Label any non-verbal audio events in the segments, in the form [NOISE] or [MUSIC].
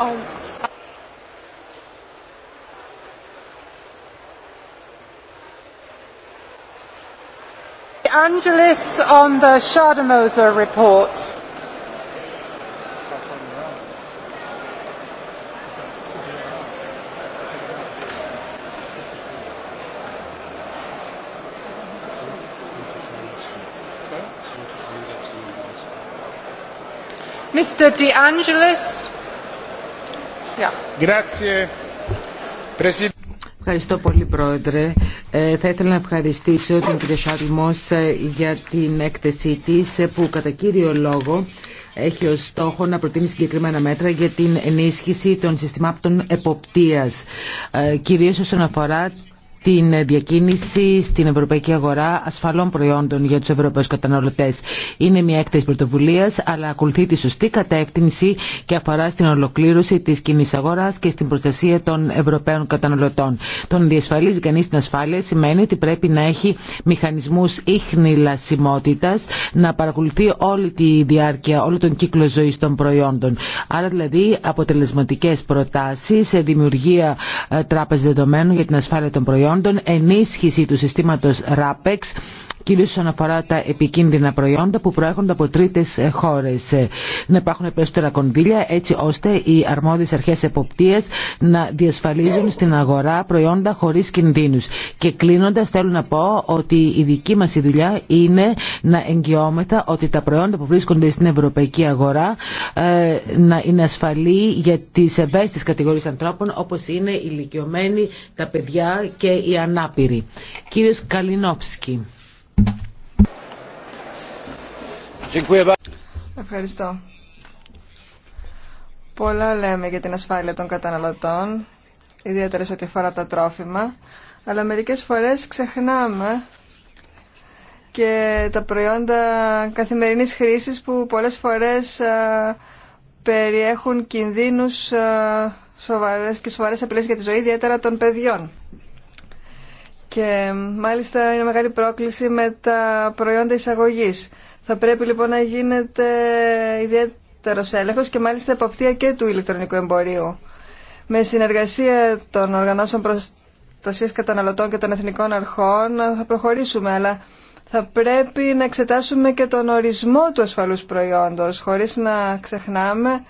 Oh. Angelis on the Schademoser report. Mr. De Angelis. Ευχαριστώ πολύ Πρόεδρε. Ε, θα ήθελα να ευχαριστήσω την κυρία Σάρλμος ε, για την έκθεσή της ε, που κατά κύριο λόγο έχει ως στόχο να προτείνει συγκεκριμένα μέτρα για την ενίσχυση των συστημάτων εποπτείας, κυρίως όσον αφορά την διακίνηση στην ευρωπαϊκή αγορά ασφαλών προϊόντων για τους Ευρωπαίου καταναλωτές. Είναι μια έκθεση πρωτοβουλίας, αλλά ακολουθεί τη σωστή κατεύθυνση και αφορά στην ολοκλήρωση της κοινή αγοράς και στην προστασία των ευρωπαίων καταναλωτών. Τον διασφαλίζει κανείς την ασφάλεια σημαίνει ότι πρέπει να έχει μηχανισμούς ίχνηλασιμότητας, να παρακολουθεί όλη τη διάρκεια, όλο τον κύκλο ζωής των προϊόντων. Άρα δηλαδή αποτελεσματικές προτάσεις, δημιουργία ε, τράπεζα δεδομένων για την ασφάλεια των προϊόντων, προϊόντων, ενίσχυση του συστήματος RAPEX κυρίως όσον αφορά τα επικίνδυνα προϊόντα που προέρχονται από τρίτες ε, χώρες. Ε, να υπάρχουν περισσότερα κονδύλια έτσι ώστε οι αρμόδιες αρχές εποπτείας να διασφαλίζουν στην αγορά προϊόντα χωρίς κινδύνους. Και κλείνοντας θέλω να πω ότι η δική μας η δουλειά είναι να εγγυόμεθα ότι τα προϊόντα που βρίσκονται στην ευρωπαϊκή αγορά ε, να είναι ασφαλή για τις ευαίσθητες κατηγορίες ανθρώπων όπως είναι οι ηλικιωμένοι, τα παιδιά και οι ανάπηροι. Κύριος Καλινόφσκι. Ευχαριστώ. Πολλά λέμε για την ασφάλεια των καταναλωτών, ιδιαίτερα σε ό,τι αφορά τα τρόφιμα, αλλά μερικές φορές ξεχνάμε και τα προϊόντα καθημερινής χρήσης που πολλές φορές περιέχουν κινδύνους σοβαρές και σοβαρές απειλές για τη ζωή, ιδιαίτερα των παιδιών. Και μάλιστα είναι μεγάλη πρόκληση με τα προϊόντα εισαγωγής. Θα πρέπει λοιπόν να γίνεται ιδιαίτερος έλεγχος και μάλιστα εποπτεία και του ηλεκτρονικού εμπορίου. Με συνεργασία των οργανώσεων προστασίας καταναλωτών και των εθνικών αρχών θα προχωρήσουμε, αλλά θα πρέπει να εξετάσουμε και τον ορισμό του ασφαλούς προϊόντος, χωρίς να ξεχνάμε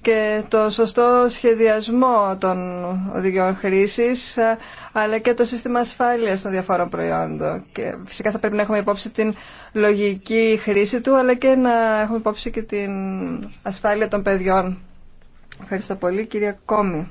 και το σωστό σχεδιασμό των οδηγιών χρήση, αλλά και το σύστημα ασφάλεια των διαφόρων προϊόντων. Και φυσικά θα πρέπει να έχουμε υπόψη την λογική χρήση του, αλλά και να έχουμε υπόψη και την ασφάλεια των παιδιών. Ευχαριστώ πολύ, κυρία Κόμη.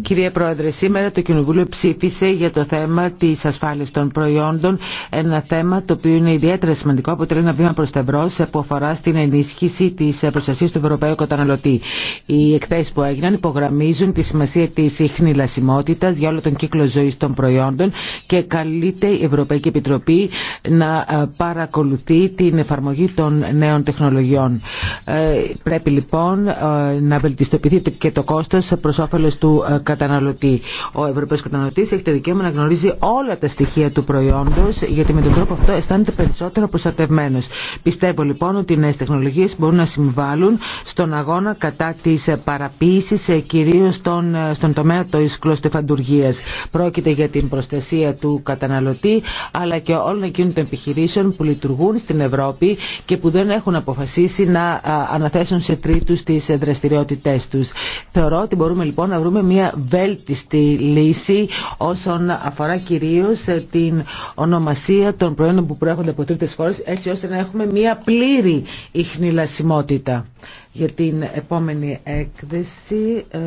Κυρία Πρόεδρε, σήμερα το Κοινοβούλιο ψήφισε για το θέμα τη ασφάλεια των προϊόντων. Ένα θέμα το οποίο είναι ιδιαίτερα σημαντικό, αποτελεί ένα βήμα προ τα εμπρό που αφορά στην ενίσχυση τη προστασία του Ευρωπαίου καταναλωτή. Οι εκθέσει που έγιναν υπογραμμίζουν τη σημασία τη συχνηλασιμότητα για όλο τον κύκλο ζωή των προϊόντων και καλείται η Ευρωπαϊκή Επιτροπή να ε, παρακολουθεί την εφαρμογή των νέων τεχνολογιών. Ε, πρέπει λοιπόν ε, να βελτιστοποιηθεί και το κόστο προ όφελο του καταναλωτή. Ο Ευρωπαίος καταναλωτής έχει το δικαίωμα να γνωρίζει όλα τα στοιχεία του προϊόντος γιατί με τον τρόπο αυτό αισθάνεται περισσότερο προστατευμένος. Πιστεύω λοιπόν ότι οι νέες τεχνολογίες μπορούν να συμβάλλουν στον αγώνα κατά της παραποίηση ε, κυρίως στον, ε, στον τομέα της κλωστεφαντουργίας. Πρόκειται για την προστασία του καταναλωτή αλλά και όλων εκείνων των επιχειρήσεων που λειτουργούν στην Ευρώπη και που δεν έχουν αποφασίσει να αναθέσουν σε τρίτους τις δραστηριότητές τους. Θεωρώ ότι μπορούμε λοιπόν να βρούμε μια βέλτιστη λύση όσον αφορά κυρίως ε, την ονομασία των προϊόντων που προέρχονται από τρίτες χώρε, έτσι ώστε να έχουμε μια πλήρη ιχνηλασιμότητα. Για την επόμενη έκθεση ε,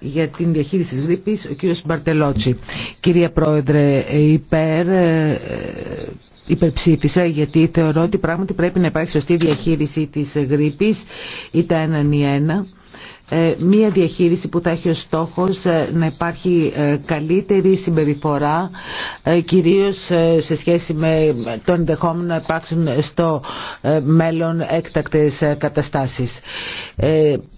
για την διαχείριση της γρήπης, ο κύριος Μπαρτελότσι. Κυρία Πρόεδρε, ε, υπέρ υπερψήφισα γιατί θεωρώ ότι πράγματι πρέπει να υπάρχει σωστή διαχείριση της γρήπης ή τα ή ε, μία διαχείριση που θα έχει ως στόχος ε, να υπάρχει ε, καλύτερη συμπεριφορά κυρίως σε σχέση με το ενδεχόμενο να υπάρξουν στο μέλλον έκτακτες καταστάσεις.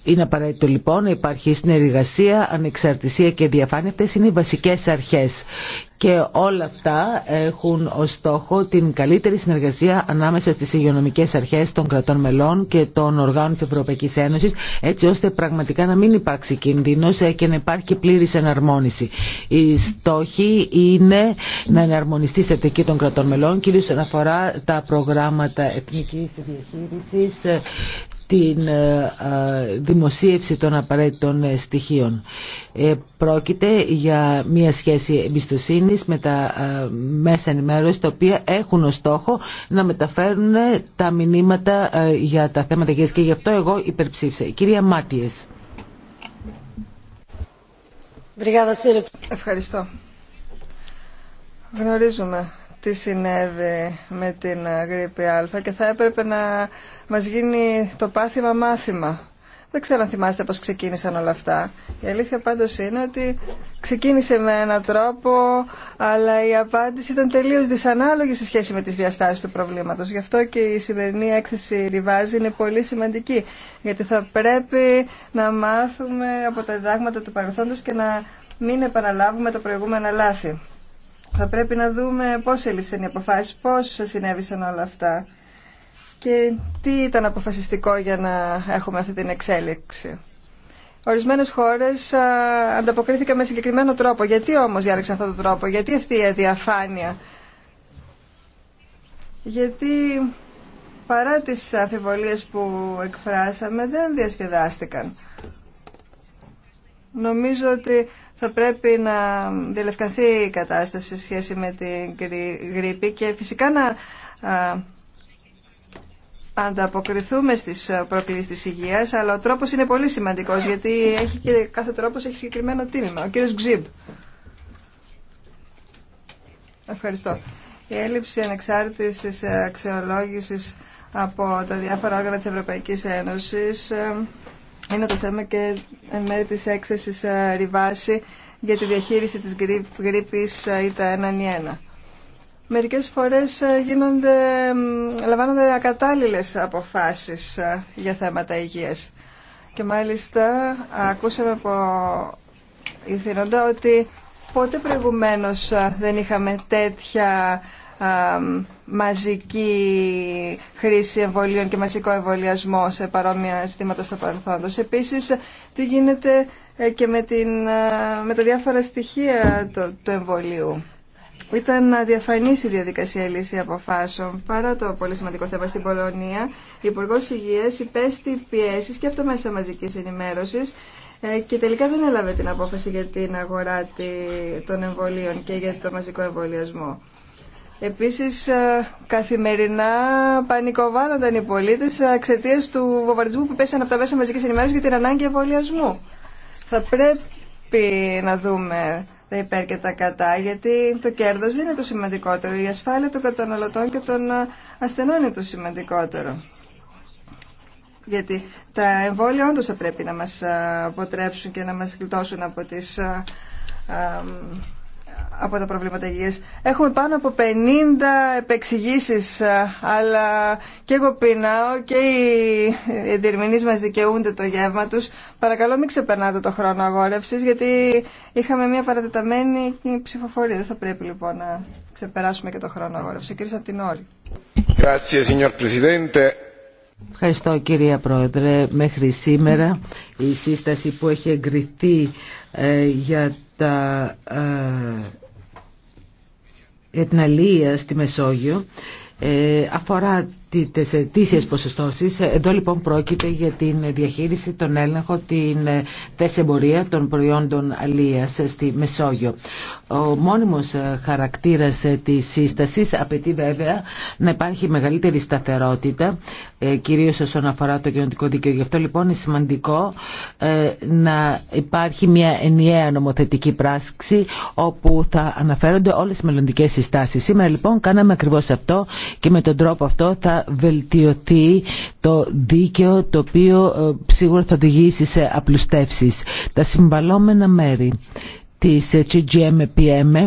Είναι απαραίτητο λοιπόν να υπάρχει συνεργασία, ανεξαρτησία και διαφάνεια. Αυτές είναι οι βασικές αρχές και όλα αυτά έχουν ως στόχο την καλύτερη συνεργασία ανάμεσα στις υγειονομικές αρχές των κρατών μελών και των οργάνων της Ευρωπαϊκής Ένωσης έτσι ώστε πραγματικά να μην υπάρξει κίνδυνος και να υπάρχει πλήρης εναρμόνιση. Η στόχη είναι να εναρμονιστεί η στρατηγική των κρατών μελών κυρίως αναφορά τα προγράμματα εθνικής διαχείρισης την ε, δημοσίευση των απαραίτητων στοιχείων. Ε, πρόκειται για μια σχέση εμπιστοσύνη με τα μέσα ενημέρωση τα οποία έχουν ως στόχο να μεταφέρουν τα μηνύματα για τα θέματα και γι' αυτό εγώ υπερψήφισα. Κυρία Μάτιες. Ευχαριστώ. Γνωρίζουμε τι συνέβη με την γρήπη Α και θα έπρεπε να μας γίνει το πάθημα μάθημα. Δεν ξέρω αν θυμάστε πώς ξεκίνησαν όλα αυτά. Η αλήθεια πάντως είναι ότι ξεκίνησε με έναν τρόπο, αλλά η απάντηση ήταν τελείως δυσανάλογη σε σχέση με τις διαστάσεις του προβλήματος. Γι' αυτό και η σημερινή έκθεση Ριβάζη είναι πολύ σημαντική, γιατί θα πρέπει να μάθουμε από τα διδάγματα του παρελθόντος και να μην επαναλάβουμε τα προηγούμενα λάθη. Θα πρέπει να δούμε πώς έλειψαν οι αποφάσεις, πώς συνέβησαν όλα αυτά και τι ήταν αποφασιστικό για να έχουμε αυτή την εξέλιξη. Ορισμένες χώρες ανταποκρίθηκαν με συγκεκριμένο τρόπο. Γιατί όμως διάλεξαν αυτόν τον τρόπο, γιατί αυτή η αδιαφάνεια. Γιατί παρά τις αφιβολίες που εκφράσαμε δεν διασκεδάστηκαν. Νομίζω ότι θα πρέπει να διελευκανθεί η κατάσταση σε σχέση με την γρήπη και φυσικά να ανταποκριθούμε στις προκλήσεις της υγείας, αλλά ο τρόπος είναι πολύ σημαντικός, γιατί έχει και κάθε τρόπος έχει συγκεκριμένο τίμημα. Ο κύριος Γκζίμπ. Ευχαριστώ. Η έλλειψη ανεξάρτησης αξιολόγησης από τα διάφορα όργανα της Ευρωπαϊκής Ένωσης ε, είναι το θέμα και μέρη της έκθεσης Ριβάση ε, για τη διαχείριση της γρήπης ΙΤΑ 1 1 1. Μερικές φορές ε, γίνονται, λαμβάνονται ακατάλληλες αποφάσεις ε, για θέματα υγείας. Και μάλιστα ακούσαμε από ηθινόντα ότι πότε προηγουμένως δεν είχαμε τέτοια ε, μαζική χρήση εμβολίων και μαζικό εμβολιασμό σε παρόμοια ζητήματα στο παρελθόντα. Επίσης, τι γίνεται ε, και με, την, ε, με τα διάφορα στοιχεία του, εμβολίου. Ήταν αδιαφανή η διαδικασία λύση αποφάσεων παρά το πολύ σημαντικό θέμα στην Πολωνία. Η Υπουργό Υγεία υπέστη πιέσει και από τα μέσα μαζική ενημέρωση και τελικά δεν έλαβε την απόφαση για την αγορά των εμβολίων και για το μαζικό εμβολιασμό. Επίσης, ε, καθημερινά πανικοβάλλονταν οι πολίτες εξαιτία του βομβαρδισμού που πέσαν από τα μέσα μαζικής ενημέρωσης για την ανάγκη εμβολιασμού. Θα πρέπει να δούμε τα υπέρ και τα κατά, γιατί το κέρδος δεν είναι το σημαντικότερο. Η ασφάλεια των καταναλωτών και των ασθενών είναι το σημαντικότερο. Γιατί τα εμβόλια όντως θα πρέπει να μας αποτρέψουν και να μας γλιτώσουν από τις ε, ε, από τα προβλήματα υγείας. Έχουμε πάνω από 50 επεξηγήσεις, ε, αλλά και εγώ πεινάω και οι διερμηνείς μας δικαιούνται το γεύμα τους. Παρακαλώ μην ξεπερνάτε το χρόνο αγόρευσης, γιατί είχαμε μια παρατεταμένη ψηφοφορία. Δεν θα πρέπει λοιπόν να ξεπεράσουμε και το χρόνο αγόρευσης. Κύριε Σαντινόρη. Ευχαριστώ κυρία Πρόεδρε. Μέχρι σήμερα η σύσταση που έχει εγκριθεί ε, για τα ε, ετναλία την στη Μεσόγειο ε, αφορά τις αιτήσιες ποσοστώσεις. Εδώ λοιπόν πρόκειται για την διαχείριση, τον έλεγχο, την ε, εμπορία των προϊόντων αλίας στη Μεσόγειο. Ο μόνιμος ε, χαρακτήρας ε, της σύστασης απαιτεί βέβαια να υπάρχει μεγαλύτερη σταθερότητα, κυρίως όσον αφορά το κοινωνικό δίκαιο. Γι' αυτό λοιπόν είναι σημαντικό να υπάρχει μια ενιαία νομοθετική πράξη όπου θα αναφέρονται όλες οι μελλοντικές συστάσεις. Σήμερα λοιπόν κάναμε ακριβώς αυτό και με τον τρόπο αυτό θα βελτιωθεί το δίκαιο το οποίο ε, σίγουρα θα οδηγήσει σε απλουστεύσεις. Τα συμβαλόμενα μέρη της CGMPM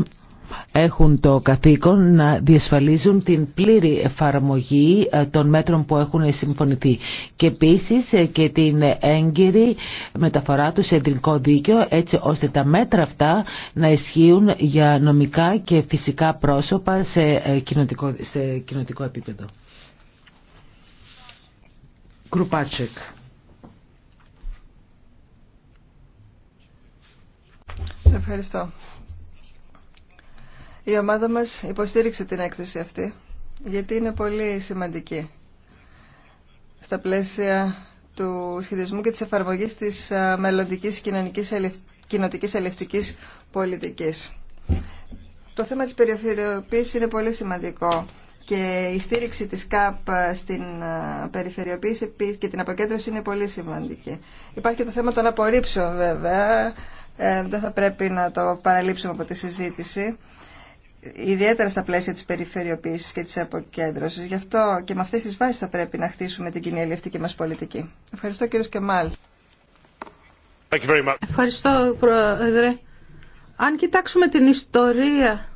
έχουν το καθήκον να διασφαλίζουν την πλήρη εφαρμογή ε, των μέτρων που έχουν συμφωνηθεί και επίσης ε, και την έγκυρη μεταφορά του σε εντρικό δίκαιο έτσι ώστε τα μέτρα αυτά να ισχύουν για νομικά και φυσικά πρόσωπα σε κοινοτικό, σε κοινοτικό επίπεδο. Ευχαριστώ. Η ομάδα μας υποστήριξε την έκθεση αυτή, γιατί είναι πολύ σημαντική στα πλαίσια του σχεδιασμού και της εφαρμογής της μελλοντικής κοινωνικής κοινοτικής ελευτικής πολιτικής. Το θέμα της περιφερειοποίησης είναι πολύ σημαντικό και η στήριξη της ΚΑΠ στην ε, περιφερειοποίηση και την αποκέντρωση είναι πολύ σημαντική. Υπάρχει και το θέμα των απορρίψεων βέβαια, ε, δεν θα πρέπει να το παραλείψουμε από τη συζήτηση ιδιαίτερα στα πλαίσια της περιφερειοποίησης και της αποκέντρωσης. Γι' αυτό και με αυτές τις βάσεις θα πρέπει να χτίσουμε την κοινή αλληλευτική μας πολιτική. Ευχαριστώ κύριο Κεμάλ. Ευχαριστώ Πρόεδρε. Αν κοιτάξουμε την ιστορία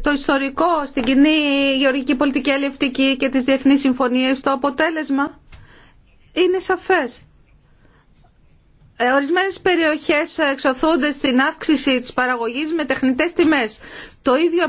το ιστορικό στην κοινή γεωργική πολιτική αλληλευτική και τις διεθνείς συμφωνίες, το αποτέλεσμα είναι σαφές. Ε, ορισμένες περιοχές εξωθούνται στην αύξηση της παραγωγής με τεχνητές τιμές το ίδιο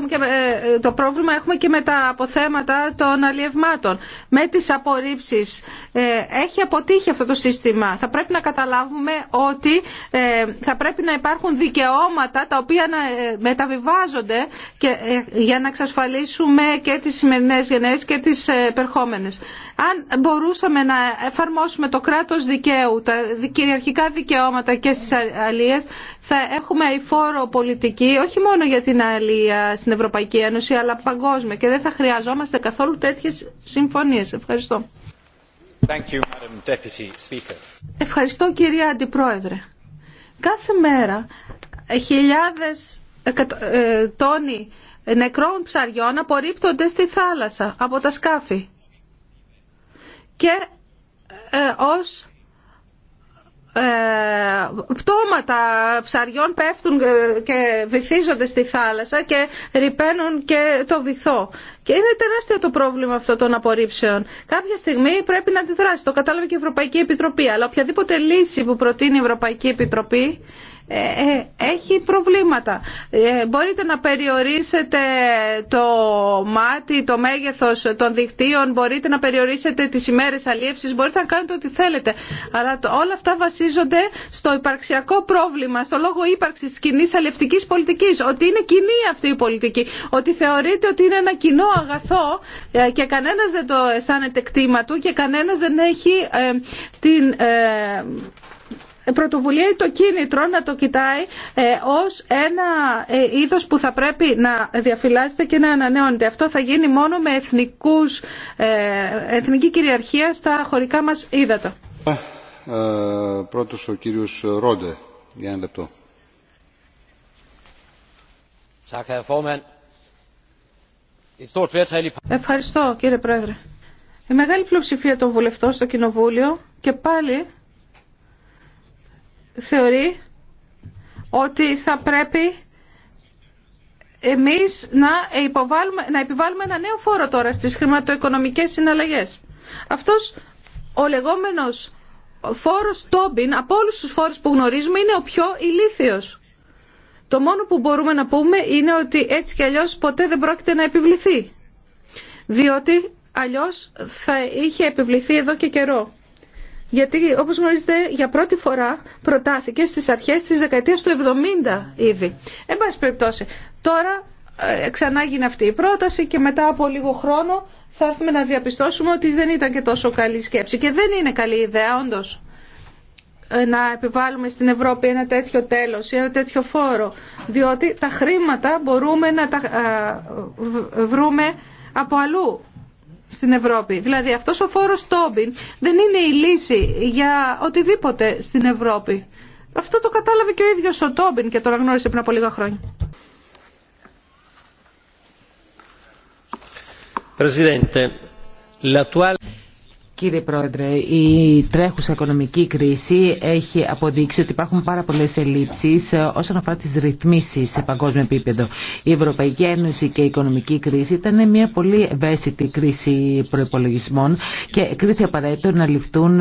ε, το πρόβλημα έχουμε και με τα αποθέματα των αλλιευμάτων. Με τις απορρίψεις ε, έχει αποτύχει αυτό το σύστημα. Θα πρέπει να καταλάβουμε ότι ε, θα πρέπει να υπάρχουν δικαιώματα τα οποία να μεταβιβάζονται και, για να εξασφαλίσουμε και τις σημερινές γενναίες και τις περχόμενες. Αν μπορούσαμε να εφαρμόσουμε το κράτος δικαίου, τα κυριαρχικά δικαιώματα και στις αλλίες, θα έχουμε η πολιτική όχι μόνο για την αλλία στην Ευρωπαϊκή Ένωση, αλλά παγκόσμια και δεν θα χρειαζόμαστε καθόλου τέτοιες συμφωνίες. Ευχαριστώ. Thank you, Madam Ευχαριστώ κυρία Αντιπρόεδρε. Κάθε μέρα ε, χιλιάδες ε, ε, τόνοι νεκρών ψαριών απορρίπτονται στη θάλασσα από τα σκάφη. Και ε, ως ε, πτώματα ψαριών πέφτουν ε, και βυθίζονται στη θάλασσα και ρηπαίνουν και το βυθό. Και είναι τεράστιο το πρόβλημα αυτό των απορρίψεων. Κάποια στιγμή πρέπει να αντιδράσει. Το κατάλαβε και η Ευρωπαϊκή Επιτροπή. Αλλά οποιαδήποτε λύση που προτείνει η Ευρωπαϊκή Επιτροπή ε, ε, έχει προβλήματα. Ε, μπορείτε να περιορίσετε το μάτι, το μέγεθος των δικτύων, μπορείτε να περιορίσετε τις ημέρες αλίευσης, μπορείτε να κάνετε ό,τι θέλετε. Αλλά όλα αυτά βασίζονται στο υπαρξιακό πρόβλημα, στο λόγο ύπαρξης της κοινής αλλιευτικής πολιτικής, ότι είναι κοινή αυτή η πολιτική, ότι θεωρείται ότι είναι ένα κοινό αγαθό και κανένας δεν το αισθάνεται κτήμα του και κανένας δεν έχει την ε, πρωτοβουλία ή το κίνητρο να το κοιτάει ε, ως ένα ε, είδος που θα πρέπει να διαφυλάσσεται και να ανανεώνεται. Αυτό θα γίνει μόνο με εθνικούς, εθνική κυριαρχία στα χωρικά μας ύδατα. Ε, ο κύριος Ρόντε, για ένα λεπτό. Ευχαριστώ κύριε Πρόεδρε. Η μεγάλη πλειοψηφία των βουλευτών στο Κοινοβούλιο και πάλι θεωρεί ότι θα πρέπει εμείς να, να επιβάλλουμε ένα νέο φόρο τώρα στις χρηματοοικονομικές συναλλαγές. Αυτός ο λεγόμενος φόρος Τόμπιν από όλους τους φόρους που γνωρίζουμε είναι ο πιο ηλίθιος. Το μόνο που μπορούμε να πούμε είναι ότι έτσι κι αλλιώς ποτέ δεν πρόκειται να επιβληθεί. Διότι αλλιώς θα είχε επιβληθεί εδώ και καιρό γιατί όπως γνωρίζετε για πρώτη φορά προτάθηκε στις αρχές της δεκαετίας του 70 ήδη. Εν πάση περιπτώσει, τώρα ε, ξανά έγινε αυτή η πρόταση και μετά από λίγο χρόνο θα έρθουμε να διαπιστώσουμε ότι δεν ήταν και τόσο καλή σκέψη και δεν είναι καλή ιδέα όντως ε, να επιβάλλουμε στην Ευρώπη ένα τέτοιο τέλος ή ένα τέτοιο φόρο διότι τα χρήματα μπορούμε να τα ε, ε, βρούμε από αλλού στην Ευρώπη. Δηλαδή αυτός ο φόρος Τόμπιν δεν είναι η λύση για οτιδήποτε στην Ευρώπη. Αυτό το κατάλαβε και ο ίδιος ο Τόμπιν και το αναγνώρισε πριν από λίγα χρόνια. Presidente, Κύριε Πρόεδρε, η τρέχουσα οικονομική κρίση έχει αποδείξει ότι υπάρχουν πάρα πολλές ελλείψεις όσον αφορά τις ρυθμίσεις σε παγκόσμιο επίπεδο. Η Ευρωπαϊκή Ένωση και η οικονομική κρίση ήταν μια πολύ ευαίσθητη κρίση προπολογισμών και κρίθη απαραίτητο να ληφθούν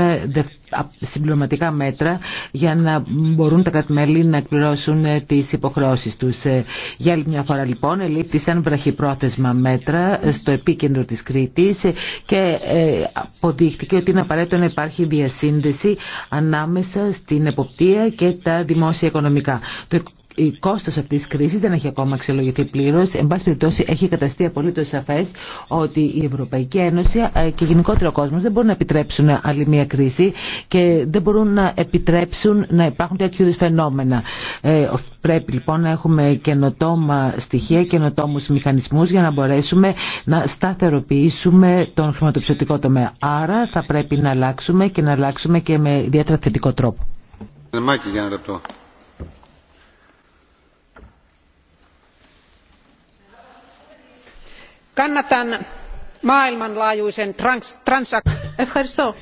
συμπληρωματικά μέτρα για να μπορούν τα κρατημέλη να εκπληρώσουν ε, τις υποχρεώσεις τους. Ε, για άλλη μια φορά λοιπόν ελήφθησαν βραχυπρόθεσμα μέτρα ε, στο επίκεντρο της Κρήτης και αποδείχτηκε ότι είναι απαραίτητο να υπάρχει διασύνδεση ανάμεσα στην εποπτεία και τα δημόσια οικονομικά η κόστο αυτή τη κρίση δεν έχει ακόμα αξιολογηθεί πλήρω. Εν πάση περιπτώσει έχει καταστεί απολύτω σαφέ ότι η Ευρωπαϊκή Ένωση ε, και γενικότερα ο κόσμο δεν μπορούν να επιτρέψουν άλλη μια κρίση και δεν μπορούν να επιτρέψουν να υπάρχουν τέτοιου είδου φαινόμενα. Ε, πρέπει λοιπόν να έχουμε καινοτόμα στοιχεία, καινοτόμου μηχανισμού για να μπορέσουμε να σταθεροποιήσουμε τον χρηματοπιστωτικό τομέα. Άρα θα πρέπει να αλλάξουμε και να αλλάξουμε και με ιδιαίτερα θετικό τρόπο. Ευχαριστώ.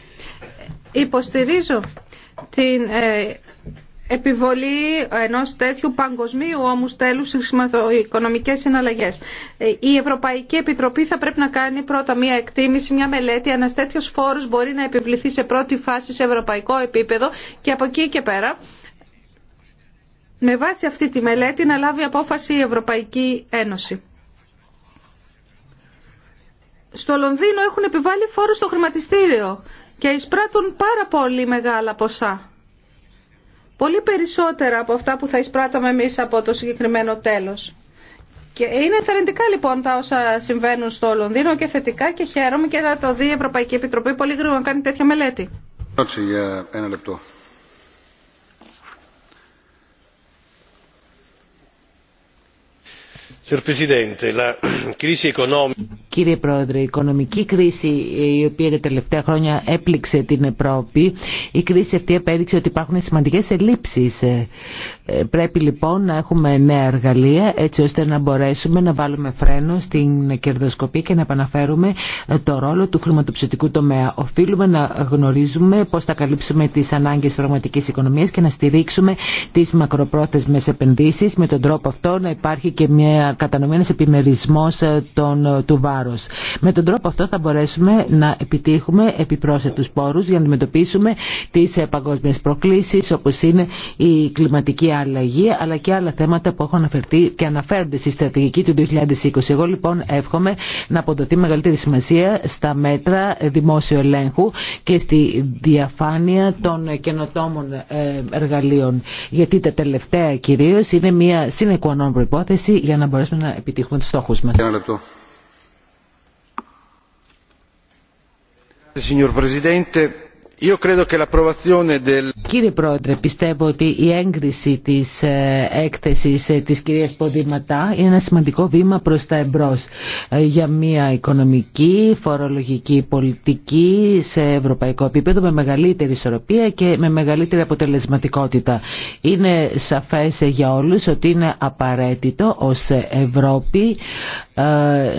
Υποστηρίζω την ε, επιβολή ενός τέτοιου παγκοσμίου όμως τέλους στις οικονομικές συναλλαγές. Ε, η Ευρωπαϊκή Επιτροπή θα πρέπει να κάνει πρώτα μια εκτίμηση, μια μελέτη, ένα τέτοιο φόρος μπορεί να επιβληθεί σε πρώτη φάση σε ευρωπαϊκό επίπεδο και από εκεί και πέρα με βάση αυτή τη μελέτη να λάβει απόφαση η Ευρωπαϊκή Ένωση στο Λονδίνο έχουν επιβάλει φόρο στο χρηματιστήριο και εισπράττουν πάρα πολύ μεγάλα ποσά. Πολύ περισσότερα από αυτά που θα εισπράττουμε εμείς από το συγκεκριμένο τέλος. Και είναι θερεντικά λοιπόν τα όσα συμβαίνουν στο Λονδίνο και θετικά και χαίρομαι και θα το δει η Ευρωπαϊκή Επιτροπή πολύ γρήγορα να κάνει τέτοια μελέτη. Για ένα λεπτό. [CLEARS THROAT] Κύριε Πρόεδρε, η οικονομική κρίση η οποία τα τελευταία χρόνια έπληξε την Ευρώπη, η κρίση αυτή επέδειξε ότι υπάρχουν σημαντικές ελλείψεις. Ε, πρέπει λοιπόν να έχουμε νέα εργαλεία έτσι ώστε να μπορέσουμε να βάλουμε φρένο στην κερδοσκοπία και να επαναφέρουμε το ρόλο του χρηματοψητικού τομέα. Οφείλουμε να γνωρίζουμε πώς θα καλύψουμε τις ανάγκες τη πραγματικής οικονομίας και να στηρίξουμε τις μακροπρόθεσμες επενδύσεις. Με τον τρόπο αυτό να υπάρχει και μια κατανομένες επιμερισμός ε, ε, του βάρους. Με τον τρόπο αυτό θα μπορέσουμε να επιτύχουμε επιπρόσθετους πόρους για να αντιμετωπίσουμε τις ε, παγκόσμιες προκλήσεις όπως είναι η κλιματική αλλαγή αλλά και άλλα θέματα που έχουν αναφερθεί και αναφέρονται στη στρατηγική του 2020. Εγώ λοιπόν εύχομαι να αποδοθεί μεγαλύτερη σημασία στα μέτρα δημόσιου ελέγχου και στη διαφάνεια των καινοτόμων εργαλείων. Γιατί τα τελευταία κυρίως είναι μια συνεκουανόν προϋπόθεση για να μπορέσουμε μπορέσουμε να επιτύχουμε τους στόχους μας. Ένα λεπτό. Signor Presidente, Κύριε Πρόεδρε, πιστεύω ότι η έγκριση της ε, έκθεσης ε, της κυρίας Ποδηματά είναι ένα σημαντικό βήμα προς τα εμπρός ε, για μια οικονομική, φορολογική πολιτική σε ευρωπαϊκό επίπεδο με μεγαλύτερη ισορροπία και με μεγαλύτερη αποτελεσματικότητα. Είναι σαφές για όλους ότι είναι απαραίτητο ως Ευρώπη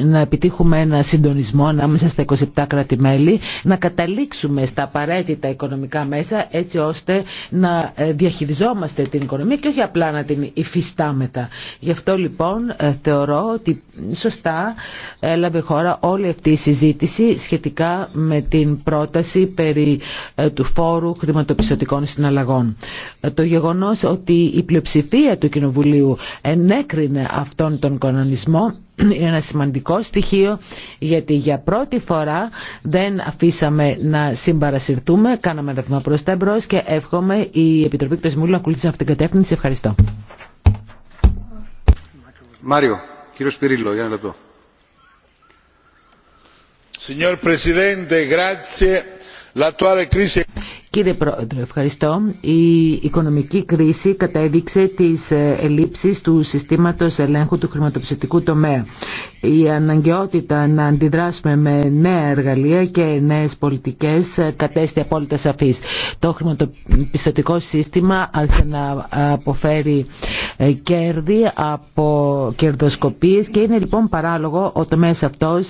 να επιτύχουμε ένα συντονισμό ανάμεσα στα 27 κράτη-μέλη, να καταλήξουμε στα απαραίτητα τα οικονομικά μέσα έτσι ώστε να ε, διαχειριζόμαστε την οικονομία και όχι απλά να την υφιστάμετα. Γι' αυτό λοιπόν ε, θεωρώ ότι σωστά έλαβε χώρα όλη αυτή η συζήτηση σχετικά με την πρόταση περί ε, του φόρου χρηματοπιστωτικών συναλλαγών. Το γεγονός ότι η πλειοψηφία του Κοινοβουλίου ενέκρινε αυτόν τον κανονισμό είναι ένα σημαντικό στοιχείο γιατί για πρώτη φορά δεν αφήσαμε να συμπαρασυρθούν Ευχαριστούμε. Κάναμε ένα βήμα προ τα εμπρό και εύχομαι η Επιτροπή του Συμβούλου να ακολουθήσει αυτήν την κατεύθυνση. Ευχαριστώ. Μάριο, κύριο Σπυρίλο, για ένα λεπτό. Signor Presidente, grazie. L'attuale crisi Κύριε Πρόεδρε, ευχαριστώ. Η οικονομική κρίση κατέδειξε τις ε, ελλείψεις του συστήματος ελέγχου του χρηματοπιστωτικού τομέα. Η αναγκαιότητα να αντιδράσουμε με νέα εργαλεία και νέες πολιτικές ε, κατέστη απόλυτα σαφής. Το χρηματοπιστωτικό σύστημα άρχισε να ε, αποφέρει κέρδη από κερδοσκοπίες και είναι λοιπόν παράλογο ο τομέας αυτός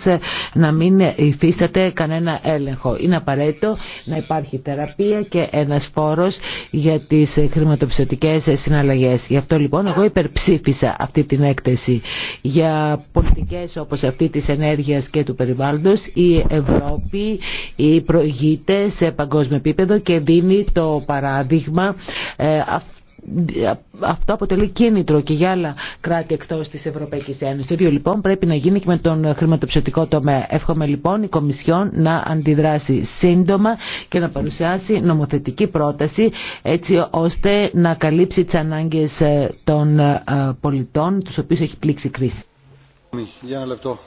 να μην υφίσταται κανένα έλεγχο. Είναι απαραίτητο να υπάρχει θεραπεία και ένας φόρος για τις χρηματοπιστωτικές συναλλαγές. Γι' αυτό λοιπόν εγώ υπερψήφισα αυτή την έκθεση. Για πολιτικές όπως αυτή της ενέργειας και του περιβάλλοντος η Ευρώπη προηγείται σε παγκόσμιο επίπεδο και δίνει το παράδειγμα ε, αυτό αποτελεί κίνητρο και για άλλα κράτη εκτό τη Ευρωπαϊκή Ένωση. Το ίδιο λοιπόν πρέπει να γίνει και με τον χρηματοψηφιακό τομέα. Εύχομαι λοιπόν η Κομισιόν να αντιδράσει σύντομα και να παρουσιάσει νομοθετική πρόταση έτσι ώστε να καλύψει τι ανάγκε ε, των ε, πολιτών, του οποίου έχει πλήξει κρίση. Για ένα λεπτό.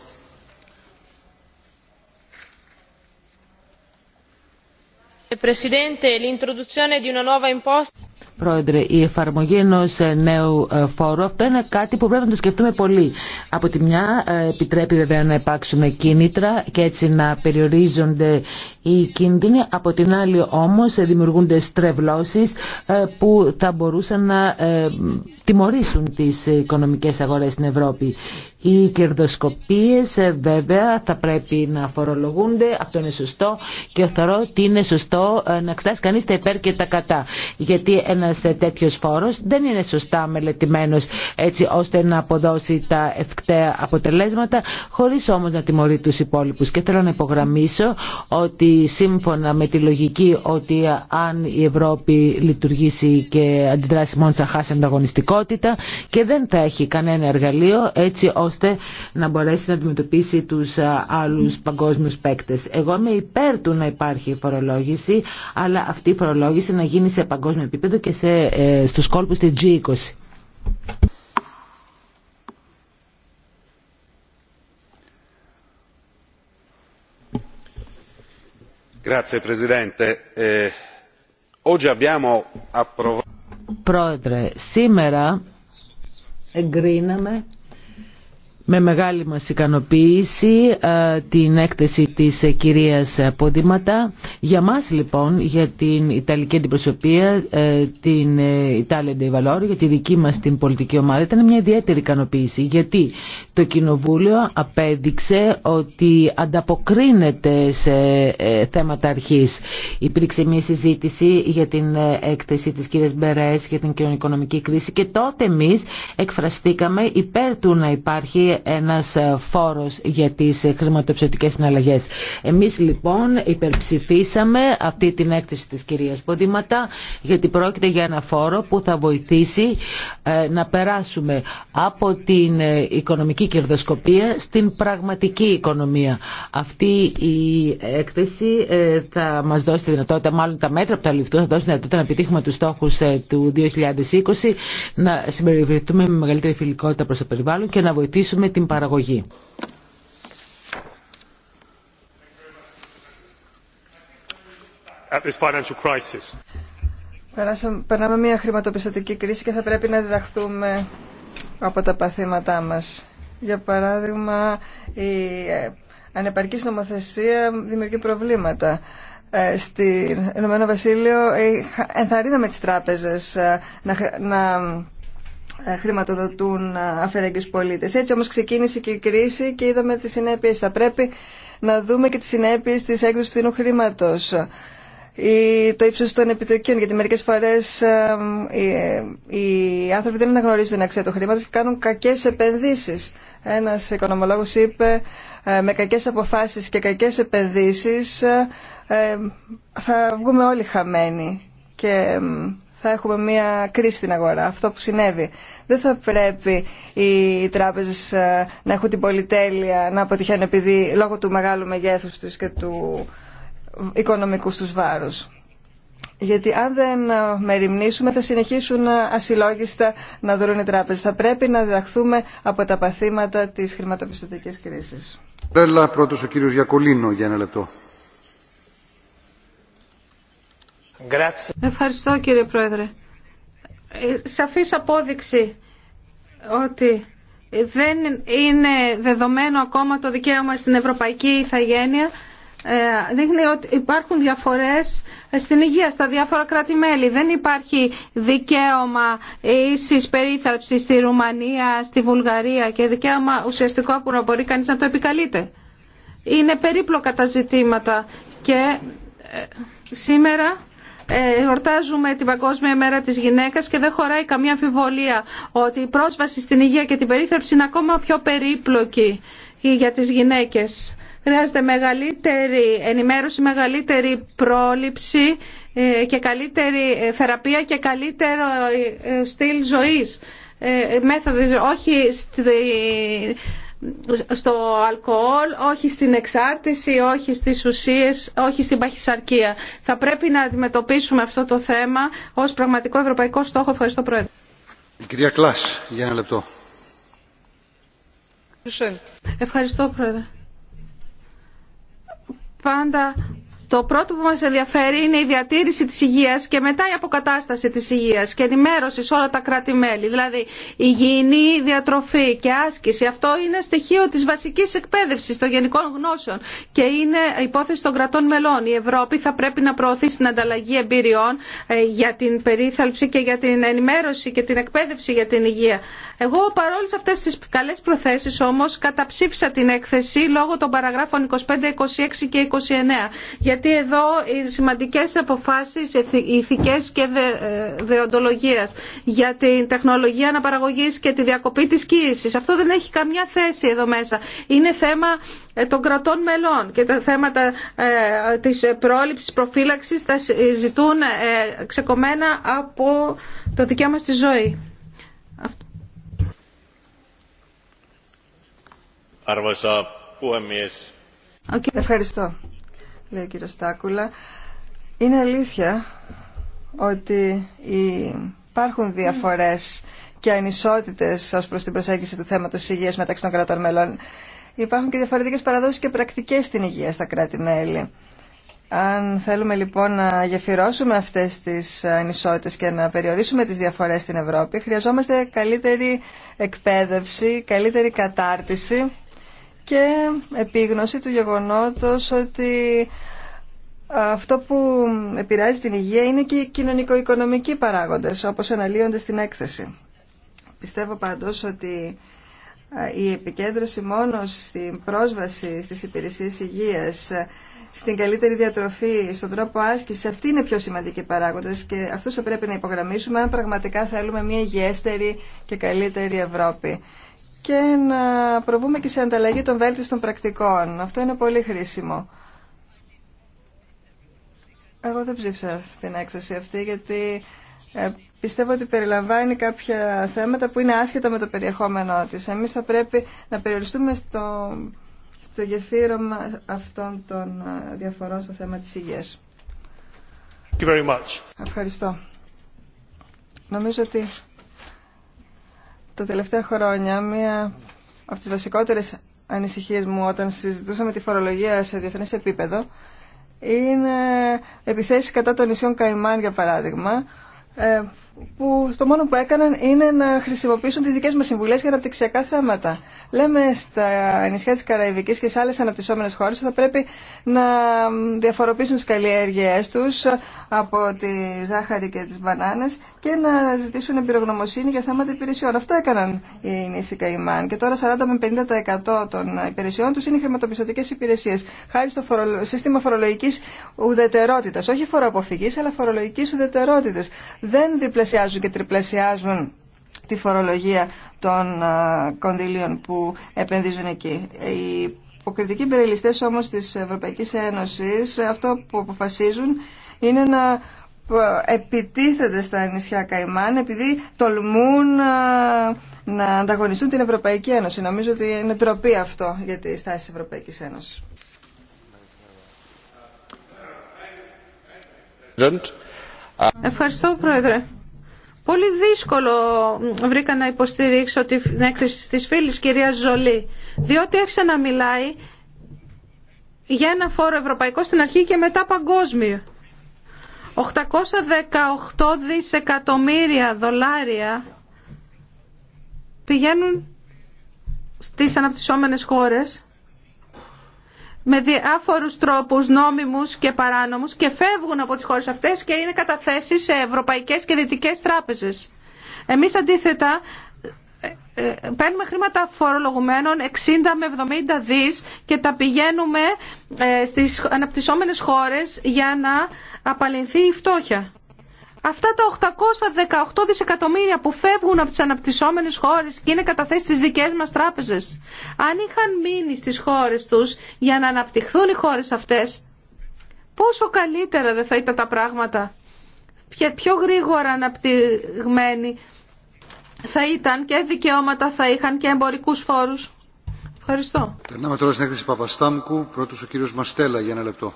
Πρόεδρε, η εφαρμογή ενό ε, νέου ε, φόρου, αυτό είναι κάτι που πρέπει να το σκεφτούμε πολύ. Από τη μια, ε, επιτρέπει βέβαια να υπάρξουν κίνητρα και έτσι να περιορίζονται οι κίνδυνοι. Από την άλλη, όμω, δημιουργούνται στρεβλώσει που θα μπορούσαν να τιμωρήσουν τι οικονομικέ αγορέ στην Ευρώπη. Οι κερδοσκοπίε βέβαια θα πρέπει να φορολογούνται, αυτό είναι σωστό και θεωρώ ότι είναι σωστό να εξετάσει κανεί τα υπέρ και τα κατά. Γιατί ένα σε τέτοιος φόρος δεν είναι σωστά μελετημένος έτσι ώστε να αποδώσει τα ευκταία αποτελέσματα χωρίς όμως να τιμωρεί τους υπόλοιπους. Και θέλω να υπογραμμίσω ότι σύμφωνα με τη λογική ότι αν η Ευρώπη λειτουργήσει και αντιδράσει μόνο θα χάσει ανταγωνιστικότητα και δεν θα έχει κανένα εργαλείο έτσι ώστε να μπορέσει να αντιμετωπίσει τους άλλους παγκόσμιους παίκτες. Εγώ είμαι υπέρ του να υπάρχει φορολόγηση αλλά αυτή η φορολόγηση να γίνει σε παγκόσμιο επίπεδο κέρδισε ε, στους κόλπους της G20. Ε, Πρόεδρε, σήμερα εγκρίναμε με μεγάλη μας ικανοποίηση ε, την έκθεση της ε, κυρίας ε, Πόντιματα. Για μας λοιπόν, για την Ιταλική αντιπροσωπεία, την Ιτάλια Βαλόρι, για τη δική μας την πολιτική ομάδα, ήταν μια ιδιαίτερη ικανοποίηση. Γιατί το Κοινοβούλιο απέδειξε ότι ανταποκρίνεται σε θέματα αρχής. Υπήρξε μια συζήτηση για την έκθεση της κυρίας Μπερές για την κοινωνικονομική κρίση και τότε εμείς εκφραστήκαμε υπέρ του να υπάρχει ένα ένας ε, φόρος για τις ε, χρηματοψηφιακές συναλλαγές. Εμείς λοιπόν υπερψηφίσαμε αυτή την έκθεση της κυρίας Ποντήματα γιατί πρόκειται για ένα φόρο που θα βοηθήσει ε, να περάσουμε από την οικονομική κερδοσκοπία στην πραγματική οικονομία. Αυτή η έκθεση θα μας δώσει τη δυνατότητα, μάλλον τα μέτρα που θα ληφθούν θα δώσει τη δυνατότητα να επιτύχουμε τους στόχους του 2020, να συμπεριφερθούμε με μεγαλύτερη φιλικότητα προς το περιβάλλον και να βοηθήσουμε με την παραγωγή. Περνάμε μια χρηματοπιστωτική κρίση και θα πρέπει να διδαχθούμε από τα παθήματά μας. Για παράδειγμα, η ε, ανεπαρκής νομοθεσία δημιουργεί προβλήματα. Ε, Στην Ηνωμένο Βασίλειο ε, ενθαρρύναμε τις τράπεζες να ε, χρηματοδοτούν ε, αφαιρέγγιους πολίτες. Έτσι όμως ξεκίνησε και η κρίση και είδαμε τις συνέπειες. Θα πρέπει να δούμε και τις συνέπειες της έκδοσης φθηνού χρήματος ή το ύψος των επιτοκίων, γιατί μερικές φορές ε, οι άνθρωποι δεν αναγνωρίζουν την αξία του χρήματος και κάνουν κακές επενδύσεις. Ένας οικονομολόγος είπε με κακές αποφάσεις και κακές επενδύσεις θα βγούμε όλοι χαμένοι και θα έχουμε μια κρίση στην αγορά, αυτό που συνέβη. Δεν θα πρέπει οι τράπεζε ε, να έχουν την πολυτέλεια να αποτυχαίνουν επειδή λόγω του μεγάλου μεγέθους του και του οικονομικού τους βάρου. Γιατί αν δεν ε, μεριμνήσουμε θα συνεχίσουν ε, ασυλλόγιστα να δρούν οι τράπεζες. Θα πρέπει να διδαχθούμε από τα παθήματα της χρηματοπιστωτικής κρίσης. πρώτος ο κύριος Γιακολίνο για ένα λεπτό. Ευχαριστώ κύριε Πρόεδρε. Ε, σαφής απόδειξη ότι δεν είναι δεδομένο ακόμα το δικαίωμα στην ευρωπαϊκή ηθαγένεια ε, δείχνει ότι υπάρχουν διαφορές στην υγεία στα διάφορα κράτη-μέλη. Δεν υπάρχει δικαίωμα ίσης περίθαλψης στη Ρουμανία, στη Βουλγαρία και δικαίωμα ουσιαστικό που να μπορεί κανείς να το επικαλείται. Είναι περίπλοκα τα ζητήματα και ε, σήμερα ε, εορτάζουμε την Παγκόσμια Μέρα της Γυναίκας και δεν χωράει καμία αμφιβολία ότι η πρόσβαση στην υγεία και την περίθαλψη είναι ακόμα πιο περίπλοκη για τις γυναίκες. Χρειάζεται μεγαλύτερη ενημέρωση, μεγαλύτερη πρόληψη ε, και καλύτερη ε, θεραπεία και καλύτερο στυλ ζωής. Μέθοδος, όχι στη στο αλκοόλ, όχι στην εξάρτηση, όχι στις ουσίες, όχι στην παχυσαρκία. Θα πρέπει να αντιμετωπίσουμε αυτό το θέμα ως πραγματικό ευρωπαϊκό στόχο. Ευχαριστώ Πρόεδρε. κυρία για ένα λεπτό. Ευχαριστώ Πρόεδρε. Πάντα το πρώτο που μας ενδιαφέρει είναι η διατήρηση της υγείας και μετά η αποκατάσταση της υγείας και ενημέρωση σε όλα τα κράτη-μέλη. Δηλαδή υγιεινή διατροφή και άσκηση. Αυτό είναι στοιχείο της βασικής εκπαίδευσης των γενικών γνώσεων και είναι υπόθεση των κρατών μελών. Η Ευρώπη θα πρέπει να προωθεί στην ανταλλαγή εμπειριών ε, για την περίθαλψη και για την ενημέρωση και την εκπαίδευση για την υγεία. Εγώ παρόλες αυτές τις καλές προθέσεις όμως καταψήφισα την έκθεση λόγω των παραγράφων 25, 26 και 29 γιατί εδώ οι σημαντικές αποφάσεις ηθικές και δεοντολογίας για την τεχνολογία αναπαραγωγής και τη διακοπή της κοίησης. Αυτό δεν έχει καμιά θέση εδώ μέσα. Είναι θέμα ε, των κρατών μελών και τα θέματα ε, της πρόληψης, προφύλαξης τα ζητούν ε, ξεκομμένα από το δικαίωμα στη ζωή. Arvoisa puhemies. Okay. Ευχαριστώ λέει ο κύριος Στάκουλα. Είναι αλήθεια ότι υπάρχουν διαφορές και ανισότητες ως προς την προσέγγιση του θέματος υγείας μεταξύ των κρατών μελών. Υπάρχουν και διαφορετικές παραδόσεις και πρακτικές στην υγεία στα κράτη-μέλη. Αν θέλουμε λοιπόν να γεφυρώσουμε αυτές τις ανισότητες και να περιορίσουμε τις διαφορές στην Ευρώπη, χρειαζόμαστε καλύτερη εκπαίδευση, καλύτερη κατάρτιση και επίγνωση του γεγονότος ότι αυτό που επηρεάζει την υγεία είναι και οι κοινωνικο-οικονομικοί παράγοντες, όπως αναλύονται στην έκθεση. Πιστεύω πάντως ότι ε, η επικέντρωση μόνο στην πρόσβαση στις υπηρεσίες υγείας, στην καλύτερη διατροφή, στον τρόπο άσκηση, αυτοί είναι πιο σημαντικοί παράγοντες και αυτού θα πρέπει να υπογραμμίσουμε αν πραγματικά θέλουμε μια υγιέστερη και καλύτερη Ευρώπη και να προβούμε και σε ανταλλαγή των βέλτιστων πρακτικών. Αυτό είναι πολύ χρήσιμο. Εγώ δεν ψήφισα στην έκθεση αυτή γιατί ε, πιστεύω ότι περιλαμβάνει κάποια θέματα που είναι άσχετα με το περιεχόμενό της. Εμείς θα πρέπει να περιοριστούμε στο, στο γεφύρωμα αυτών των ε, διαφορών στο θέμα της υγείας. Ευχαριστώ. Νομίζω ότι τα τελευταία χρόνια μία από τις βασικότερες ανησυχίες μου όταν συζητούσαμε τη φορολογία σε διεθνές επίπεδο είναι επιθέσεις κατά των νησιών Καϊμάν για παράδειγμα ε, που το μόνο που έκαναν είναι να χρησιμοποιήσουν τις δικές μας συμβουλές για αναπτυξιακά θέματα. Λέμε στα νησιά της Καραϊβικής και σε άλλες αναπτυσσόμενες χώρες θα πρέπει να διαφοροποιήσουν τις καλλιέργειές τους από τη ζάχαρη και τις μπανάνες και να ζητήσουν εμπειρογνωμοσύνη για θέματα υπηρεσιών. Αυτό έκαναν οι νήσοι Καϊμάν και τώρα 40 με 50% των υπηρεσιών τους είναι χρηματοπιστωτικέ χρηματοπιστωτικές υπηρεσίες χάρη στο σύστημα φορολογικής ουδετερότητα, όχι φοροαποφυγής αλλά φορολογική ουδετερότητας. Δεν και τριπλασιάζουν τη φορολογία των ε, κονδυλίων που επενδύζουν εκεί. Οι υποκριτικοί περιληστές όμως της Ευρωπαϊκής Ένωσης αυτό που αποφασίζουν είναι να ε, επιτίθεται στα νησιά Καϊμάν επειδή τολμούν ε, να ανταγωνιστούν την Ευρωπαϊκή Ένωση. Νομίζω ότι είναι τροπή αυτό για τη στάση της Ευρωπαϊκής Ένωσης. Ευχαριστώ, Πρόεδρε. Πολύ δύσκολο βρήκα να υποστηρίξω την έκθεση της φίλης κυρία Ζολή, διότι άρχισε να μιλάει για ένα φόρο ευρωπαϊκό στην αρχή και μετά παγκόσμιο. 818 δισεκατομμύρια δολάρια πηγαίνουν στις αναπτυσσόμενες χώρες με διάφορους τρόπους νόμιμους και παράνομους και φεύγουν από τις χώρες αυτές και είναι καταθέσεις σε ευρωπαϊκές και δυτικές τράπεζες. Εμείς αντίθετα ε, ε, παίρνουμε χρήματα φορολογουμένων 60 με 70 δις και τα πηγαίνουμε ε, στις αναπτυσσόμενες χώρες για να απαλληλθεί η φτώχεια. Αυτά τα 818 δισεκατομμύρια που φεύγουν από τις αναπτυσσόμενες χώρες και είναι καταθέσει στις δικές μας τράπεζες, αν είχαν μείνει στις χώρες τους για να αναπτυχθούν οι χώρες αυτές, πόσο καλύτερα δεν θα ήταν τα πράγματα. Πιο γρήγορα αναπτυγμένοι θα ήταν και δικαιώματα θα είχαν και εμπορικούς φόρους. Ευχαριστώ. Περνάμε τώρα στην έκθεση Παπαστάμκου. Πρώτος ο κύριος Μαστέλα για ένα λεπτό.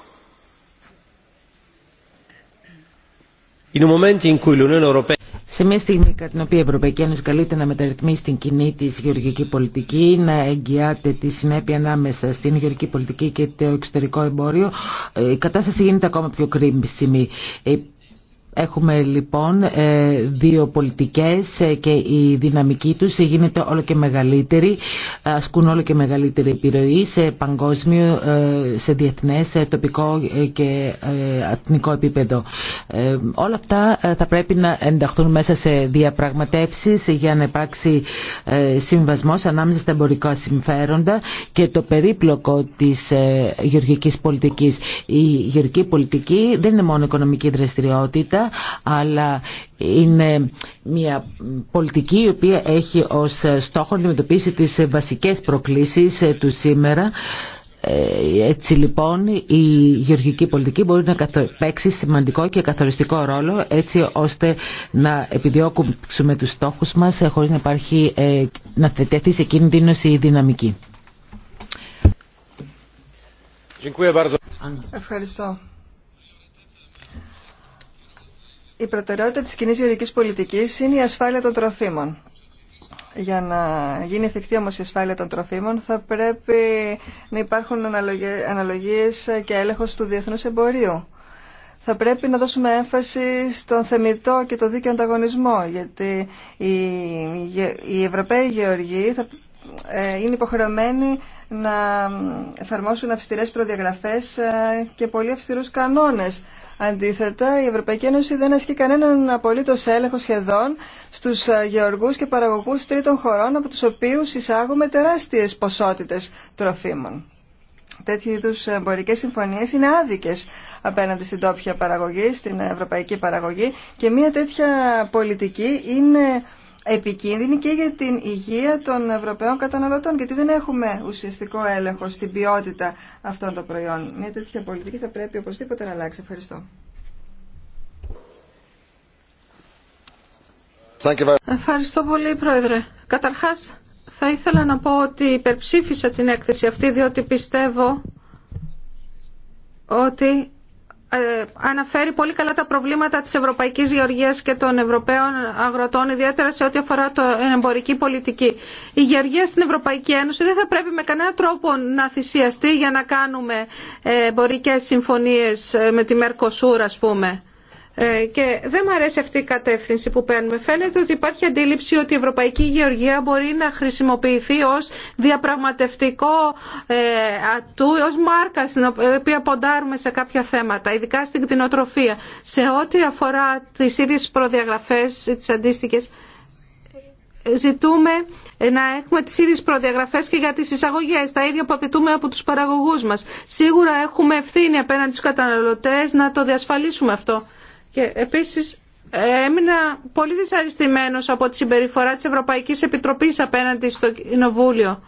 Σε μια στιγμή κατά την οποία η Ευρωπαϊκή Ένωση καλείται να μεταρρυθμίσει την κοινή τη γεωργική πολιτική, να εγγυάται τη συνέπεια ανάμεσα στην γεωργική πολιτική και το εξωτερικό εμπόριο, ε, η κατάσταση γίνεται ακόμα πιο κρίσιμη. Ε, Έχουμε λοιπόν ε, δύο πολιτικές ε, και η δυναμική τους γίνεται όλο και μεγαλύτερη, ασκούν όλο και μεγαλύτερη επιρροή σε παγκόσμιο, ε, σε διεθνές, σε τοπικό και εθνικό επίπεδο. Όλα αυτά θα πρέπει να ενταχθούν μέσα σε διαπραγματεύσεις για να υπάρξει συμβασμός ανάμεσα στα εμπορικά συμφέροντα και το περίπλοκο της γεωργικής πολιτικής. Η γεωργική πολιτική δεν είναι μόνο οικονομική δραστηριότητα, αλλά είναι μια πολιτική η οποία έχει ως στόχο να αντιμετωπίσει τις βασικές προκλήσεις ε, του σήμερα. Ε, έτσι λοιπόν η γεωργική πολιτική μπορεί να παίξει σημαντικό και καθοριστικό ρόλο έτσι ώστε να επιδιώκουμε τους στόχους μας ε, χωρίς να, υπάρχει, να θετεθεί σε κίνδυνος η δυναμική. Ευχαριστώ. η προτεραιότητα της κοινή γεωρικής πολιτικής είναι η ασφάλεια των τροφίμων. Για να γίνει εφικτή όμως η ασφάλεια των τροφίμων θα πρέπει να υπάρχουν αναλογίες και έλεγχος του διεθνούς εμπορίου. Θα πρέπει να δώσουμε έμφαση στον θεμητό και το δίκαιο ανταγωνισμό, γιατί οι, οι Ευρωπαίοι γεωργοί θα, ε, είναι υποχρεωμένοι να εφαρμόσουν αυστηρές προδιαγραφές ε, και πολύ αυστηρούς κανόνες. Αντίθετα, η Ευρωπαϊκή Ένωση δεν ασκεί κανέναν απολύτως έλεγχο σχεδόν στους ε, γεωργούς και παραγωγούς τρίτων χωρών από τους οποίους εισάγουμε τεράστιες ποσότητες τροφίμων. Τέτοιου είδου εμπορικέ συμφωνίε είναι άδικε απέναντι στην τόπια παραγωγή, στην ευρωπαϊκή παραγωγή και μια τέτοια πολιτική είναι επικίνδυνη και για την υγεία των Ευρωπαίων καταναλωτών γιατί δεν έχουμε ουσιαστικό έλεγχο στην ποιότητα αυτών των προϊόντων. Μια τέτοια πολιτική θα πρέπει οπωσδήποτε να αλλάξει. Ευχαριστώ. Ευχαριστώ πολύ, Πρόεδρε. Καταρχάς, θα ήθελα να πω ότι υπερψήφισα την έκθεση αυτή διότι πιστεύω ότι ε, αναφέρει πολύ καλά τα προβλήματα της Ευρωπαϊκής Γεωργίας και των Ευρωπαίων αγροτών, ιδιαίτερα σε ό,τι αφορά την εμπορική πολιτική. Η γεωργία στην Ευρωπαϊκή Ένωση δεν θα πρέπει με κανένα τρόπο να θυσιαστεί για να κάνουμε ε, εμπορικές συμφωνίες ε, με τη Μερκοσούρα, ας πούμε. Ε, και δεν μου αρέσει αυτή η κατεύθυνση που παίρνουμε. Φαίνεται ότι υπάρχει αντίληψη ότι η Ευρωπαϊκή Γεωργία μπορεί να χρησιμοποιηθεί ως διαπραγματευτικό ε, ατού, ως μάρκα στην ε, οποία ποντάρουμε σε κάποια θέματα, ειδικά στην κτηνοτροφία. Σε ό,τι αφορά τις ίδιες προδιαγραφές, τις αντίστοιχες, ζητούμε να έχουμε τις ίδιες προδιαγραφές και για τις εισαγωγές, τα ίδια που απαιτούμε από τους παραγωγούς μας. Σίγουρα έχουμε ευθύνη απέναντι στους καταναλωτές να το διασφαλίσουμε αυτό. Και επίσης έμεινα πολύ δυσαρεστημένος από τη συμπεριφορά της Ευρωπαϊκής Επιτροπής απέναντι στο Κοινοβούλιο.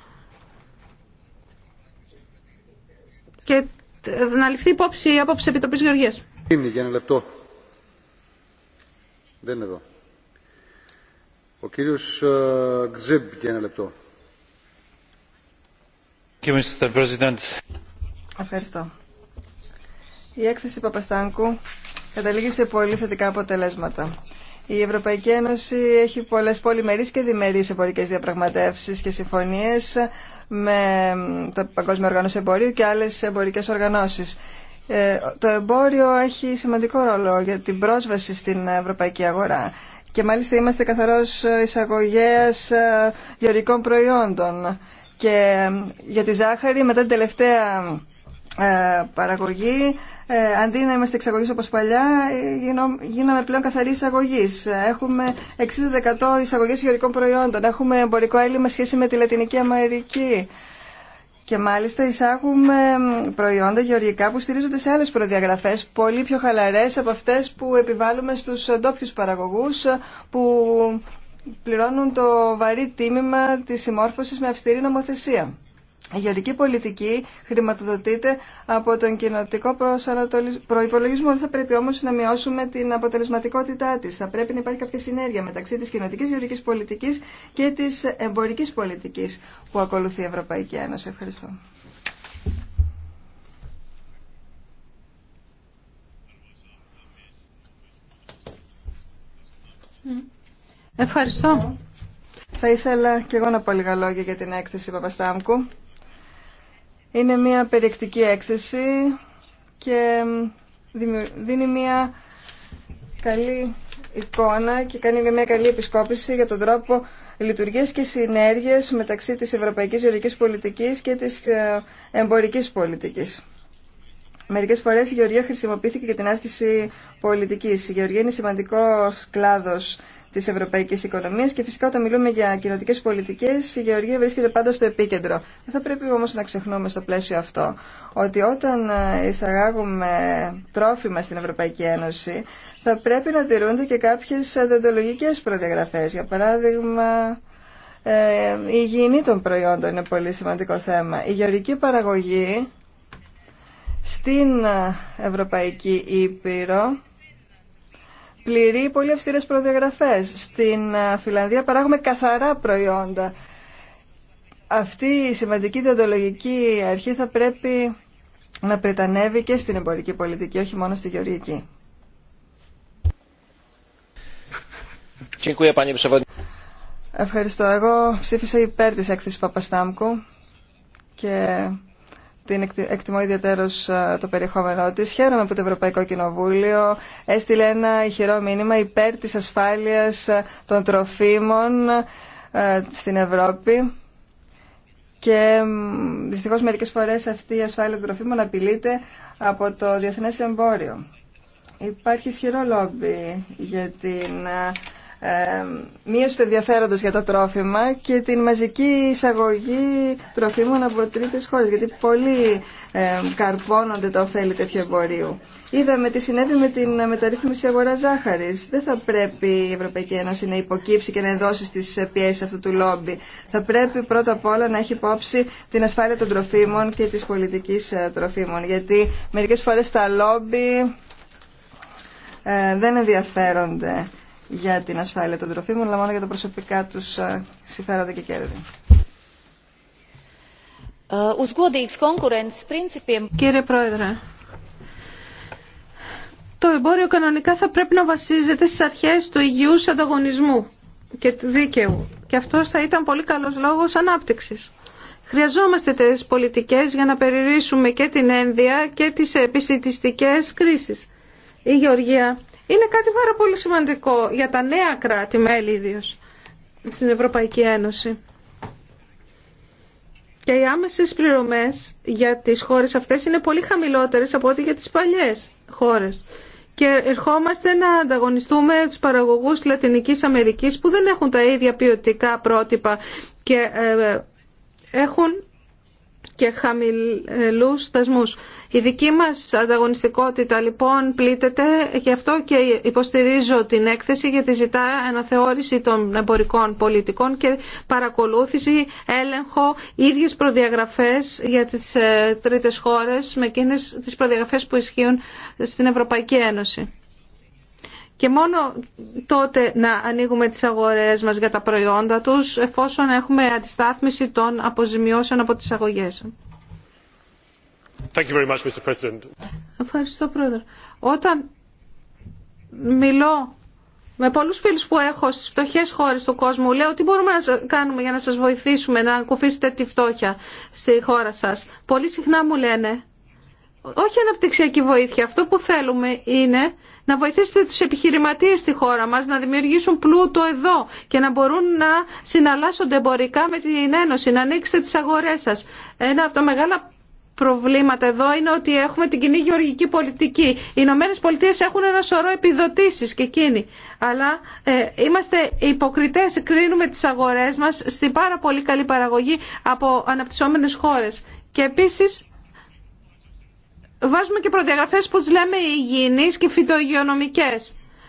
Και ε, να ληφθεί υπόψη η άποψη Επιτροπής Γεωργίας. Είναι για ένα λεπτό. Δεν είναι εδώ. Ο κύριος ε, Γκζιμπ για ένα λεπτό. Ευχαριστώ. Η έκθεση Παπαστάνκου καταλήγει σε πολύ θετικά αποτελέσματα. Η Ευρωπαϊκή Ένωση έχει πολλές πολυμερείς και διμερείς εμπορικές διαπραγματεύσεις και συμφωνίες με το Παγκόσμιο Οργάνωση Εμπορίου και άλλες εμπορικές οργανώσεις. Ε, το εμπόριο έχει σημαντικό ρόλο για την πρόσβαση στην ευρωπαϊκή αγορά και μάλιστα είμαστε καθαρός εισαγωγέας ε, γεωρικών προϊόντων και ε, για τη ζάχαρη μετά την τελευταία ε, παραγωγή. Ε, αντί να είμαστε εξαγωγής όπως παλιά, γίναμε πλέον καθαρή εισαγωγή. Έχουμε 60% εισαγωγές γεωργικών προϊόντων. Έχουμε εμπορικό έλλειμμα σχέση με τη Λατινική Αμερική. Και μάλιστα εισάγουμε προϊόντα γεωργικά που στηρίζονται σε άλλες προδιαγραφές, πολύ πιο χαλαρές από αυτές που επιβάλλουμε στους ντόπιου παραγωγούς που πληρώνουν το βαρύ τίμημα της συμμόρφωσης με αυστηρή νομοθεσία. Η γεωρική πολιτική χρηματοδοτείται από τον κοινοτικό προπολογισμό. Δεν θα πρέπει όμω να μειώσουμε την αποτελεσματικότητά τη. Θα πρέπει να υπάρχει κάποια συνέργεια μεταξύ τη κοινοτική γεωρική πολιτική και τη εμπορική πολιτική που ακολουθεί η Ευρωπαϊκή Ένωση. Ευχαριστώ. Ευχαριστώ. Θα ήθελα και εγώ να πω λίγα λόγια για την έκθεση Παπαστάμκου. Είναι μια περιεκτική έκθεση και δίνει μια καλή εικόνα και κάνει μια καλή επισκόπηση για τον τρόπο λειτουργίας και συνέργειας μεταξύ της ευρωπαϊκής γεωργικής πολιτικής και της ε, εμπορικής πολιτικής. Μερικές φορές η γεωργία χρησιμοποιήθηκε για την άσκηση πολιτικής. Η γεωργία είναι σημαντικός κλάδος τη ευρωπαϊκή οικονομία και φυσικά όταν μιλούμε για κοινοτικέ πολιτικέ, η γεωργία βρίσκεται πάντα στο επίκεντρο. Δεν θα πρέπει όμω να ξεχνούμε στο πλαίσιο αυτό ότι όταν ε, εισαγάγουμε τρόφιμα στην Ευρωπαϊκή Ένωση, θα πρέπει να τηρούνται και κάποιε δεντολογικέ προδιαγραφέ. Για παράδειγμα, ε, η υγιεινή των προϊόντων είναι πολύ σημαντικό θέμα. Η γεωργική παραγωγή στην ε, Ευρωπαϊκή Ήπειρο πληρεί πολύ αυστηρέ προδιαγραφέ. Στην ε, Φιλανδία παράγουμε καθαρά προϊόντα. Αυτή η σημαντική διοντολογική αρχή θα πρέπει να πρετανεύει και στην εμπορική πολιτική, όχι μόνο στη γεωργική. Ευχαριστώ. Εγώ ψήφισα υπέρ της έκθεσης Παπαστάμκου και την εκτιμώ ιδιαίτερω ε, το περιεχόμενό τη Χαίρομαι που το Ευρωπαϊκό Κοινοβούλιο έστειλε ένα ηχηρό μήνυμα υπέρ τη ασφάλειας ε, των τροφίμων ε, στην Ευρώπη και δυστυχώ, μερικέ φορέ αυτή η ασφάλεια των τροφίμων απειλείται από το Διεθνέ εμπόριο. Υπάρχει ισχυρό λόμπι για την μείωση του ενδιαφέροντος για τα τρόφιμα και την μαζική εισαγωγή τροφίμων από τρίτες χώρες, γιατί πολλοί καρπώνονται τα ωφέλη τέτοιου εμπορίου. Είδαμε τι συνέβη με την μεταρρύθμιση αγορά ζάχαρης. Δεν θα πρέπει η Ευρωπαϊκή Ένωση να υποκύψει και να ενδώσει στις πιέσει αυτού του λόμπι. Θα πρέπει πρώτα απ' όλα να έχει υπόψη την ασφάλεια των τροφίμων και τη πολιτική ε, τροφίμων, γιατί μερικές φορές τα λόμπι ε, δεν ενδιαφέρονται για την ασφάλεια των τροφίμων, αλλά μόνο για τα προσωπικά τους ε, συμφέροντα και κέρδη. Ε, Κύριε Πρόεδρε, το εμπόριο κανονικά θα πρέπει να βασίζεται στις αρχές του υγιούς ανταγωνισμού και του δίκαιου. Και αυτό θα ήταν πολύ καλός λόγος ανάπτυξης. Χρειαζόμαστε τις πολιτικές για να περιορίσουμε και την ένδια και τις επιστημιστικές κρίσεις. Η Γεωργία είναι κάτι πάρα πολύ σημαντικό για τα νέα κράτη-μέλη ιδίως στην Ευρωπαϊκή Ένωση. Και οι άμεσες πληρωμές για τις χώρες αυτές είναι πολύ χαμηλότερες από ό,τι για τις παλιές χώρες. Και ερχόμαστε να ανταγωνιστούμε τους παραγωγούς Λατινικής Αμερικής που δεν έχουν τα ίδια ποιοτικά πρότυπα και ε, έχουν και χαμηλούς στασμούς. Η δική μας ανταγωνιστικότητα λοιπόν πλήττεται, γι' αυτό και υποστηρίζω την έκθεση γιατί ζητά αναθεώρηση των εμπορικών πολιτικών και παρακολούθηση, έλεγχο, ίδιες προδιαγραφές για τις ε, τρίτες χώρες με εκείνες τις προδιαγραφές που ισχύουν στην Ευρωπαϊκή Ένωση. Και μόνο τότε να ανοίγουμε τις αγορές μας για τα προϊόντα τους, εφόσον έχουμε αντιστάθμιση των αποζημιώσεων από τις αγωγές. Ευχαριστώ, Πρόεδρε. Όταν μιλώ με πολλούς φίλους που έχω στις φτωχές χώρες του κόσμου, λέω τι μπορούμε να κάνουμε για να σας βοηθήσουμε να ακουφίσετε τη φτώχεια στη χώρα σας. Πολύ συχνά μου λένε, όχι αναπτυξιακή βοήθεια, αυτό που θέλουμε είναι να βοηθήσετε τους επιχειρηματίες στη χώρα μας να δημιουργήσουν πλούτο εδώ και να μπορούν να συναλλάσσονται εμπορικά με την Ένωση, να ανοίξετε τις αγορές σας. Ένα από τα μεγάλα προβλήματα εδώ είναι ότι έχουμε την κοινή γεωργική πολιτική. Οι Ηνωμένε Πολιτείε έχουν ένα σωρό επιδοτήσει και εκείνοι. Αλλά ε, είμαστε υποκριτέ, κρίνουμε τι αγορέ μα στην πάρα πολύ καλή παραγωγή από αναπτυσσόμενε χώρε. Και επίση βάζουμε και προδιαγραφέ που τι λέμε υγιεινεί και φυτογειονομικέ.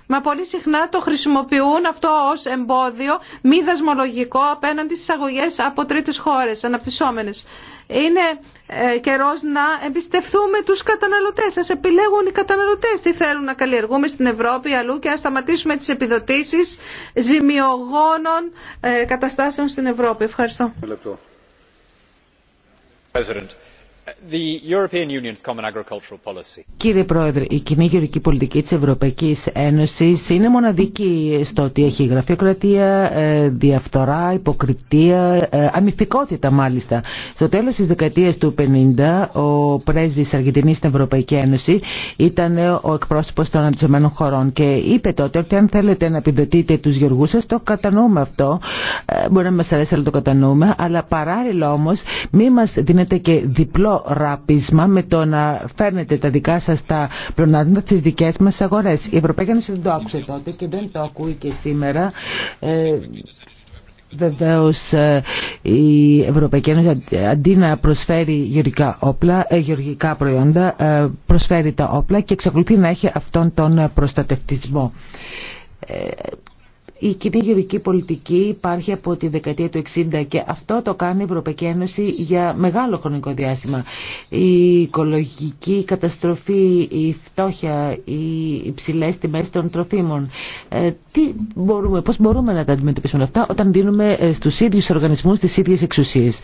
Μα πολύ συχνά το χρησιμοποιούν αυτό ως εμπόδιο μη δασμολογικό απέναντι στις αγωγές από τρίτες χώρες, αναπτυσσόμενες. Είναι ε, καιρό να εμπιστευτούμε τους καταναλωτές. Ας επιλέγουν οι καταναλωτές τι θέλουν να καλλιεργούμε στην Ευρώπη αλλού και ας σταματήσουμε τις επιδοτήσει ζημιογόνων ε, καταστάσεων στην Ευρώπη. Ευχαριστώ. Κύριε Πρόεδρε, η κοινή γεωργική πολιτική της Ευρωπαϊκής Ένωσης είναι μοναδική στο ότι έχει γραφειοκρατία, ε, διαφθορά, υποκριτία, ε, αμυθικότητα μάλιστα. Στο τέλος της δεκαετίας του 50 ο πρέσβης Αργεντινής στην Ευρωπαϊκή Ένωση ήταν ο εκπρόσωπος των αντιζωμένων χωρών και είπε τότε ότι αν θέλετε να επιδοτείτε τους γεωργούς σας το κατανοούμε αυτό. Ε, μπορεί να μας αρέσει αλλά το κατανοούμε, αλλά παράλληλα όμως μη μας δίνετε και διπλό ράπισμα με το να φέρνετε τα δικά σας τα πλονάσματα στις δικές μα αγορές. Η Ευρωπαϊκή Ένωση δεν το άκουσε τότε και δεν το ακούει και σήμερα. Ε, Βεβαίω ε, η Ευρωπαϊκή Ένωση αντί να προσφέρει γεωργικά, όπλα, ε, γεωργικά προϊόντα ε, προσφέρει τα όπλα και εξακολουθεί να έχει αυτόν τον προστατευτισμό η κοινή πολιτική υπάρχει από τη δεκαετία του 60 και αυτό το κάνει η Ευρωπαϊκή Ένωση για μεγάλο χρονικό διάστημα. Η οικολογική καταστροφή, η φτώχεια, οι υψηλέ τιμέ των τροφίμων. Ε, τι μπορούμε, πώς μπορούμε να τα αντιμετωπίσουμε αυτά όταν δίνουμε ε, στους ίδιους οργανισμούς τις ίδιες εξουσίες.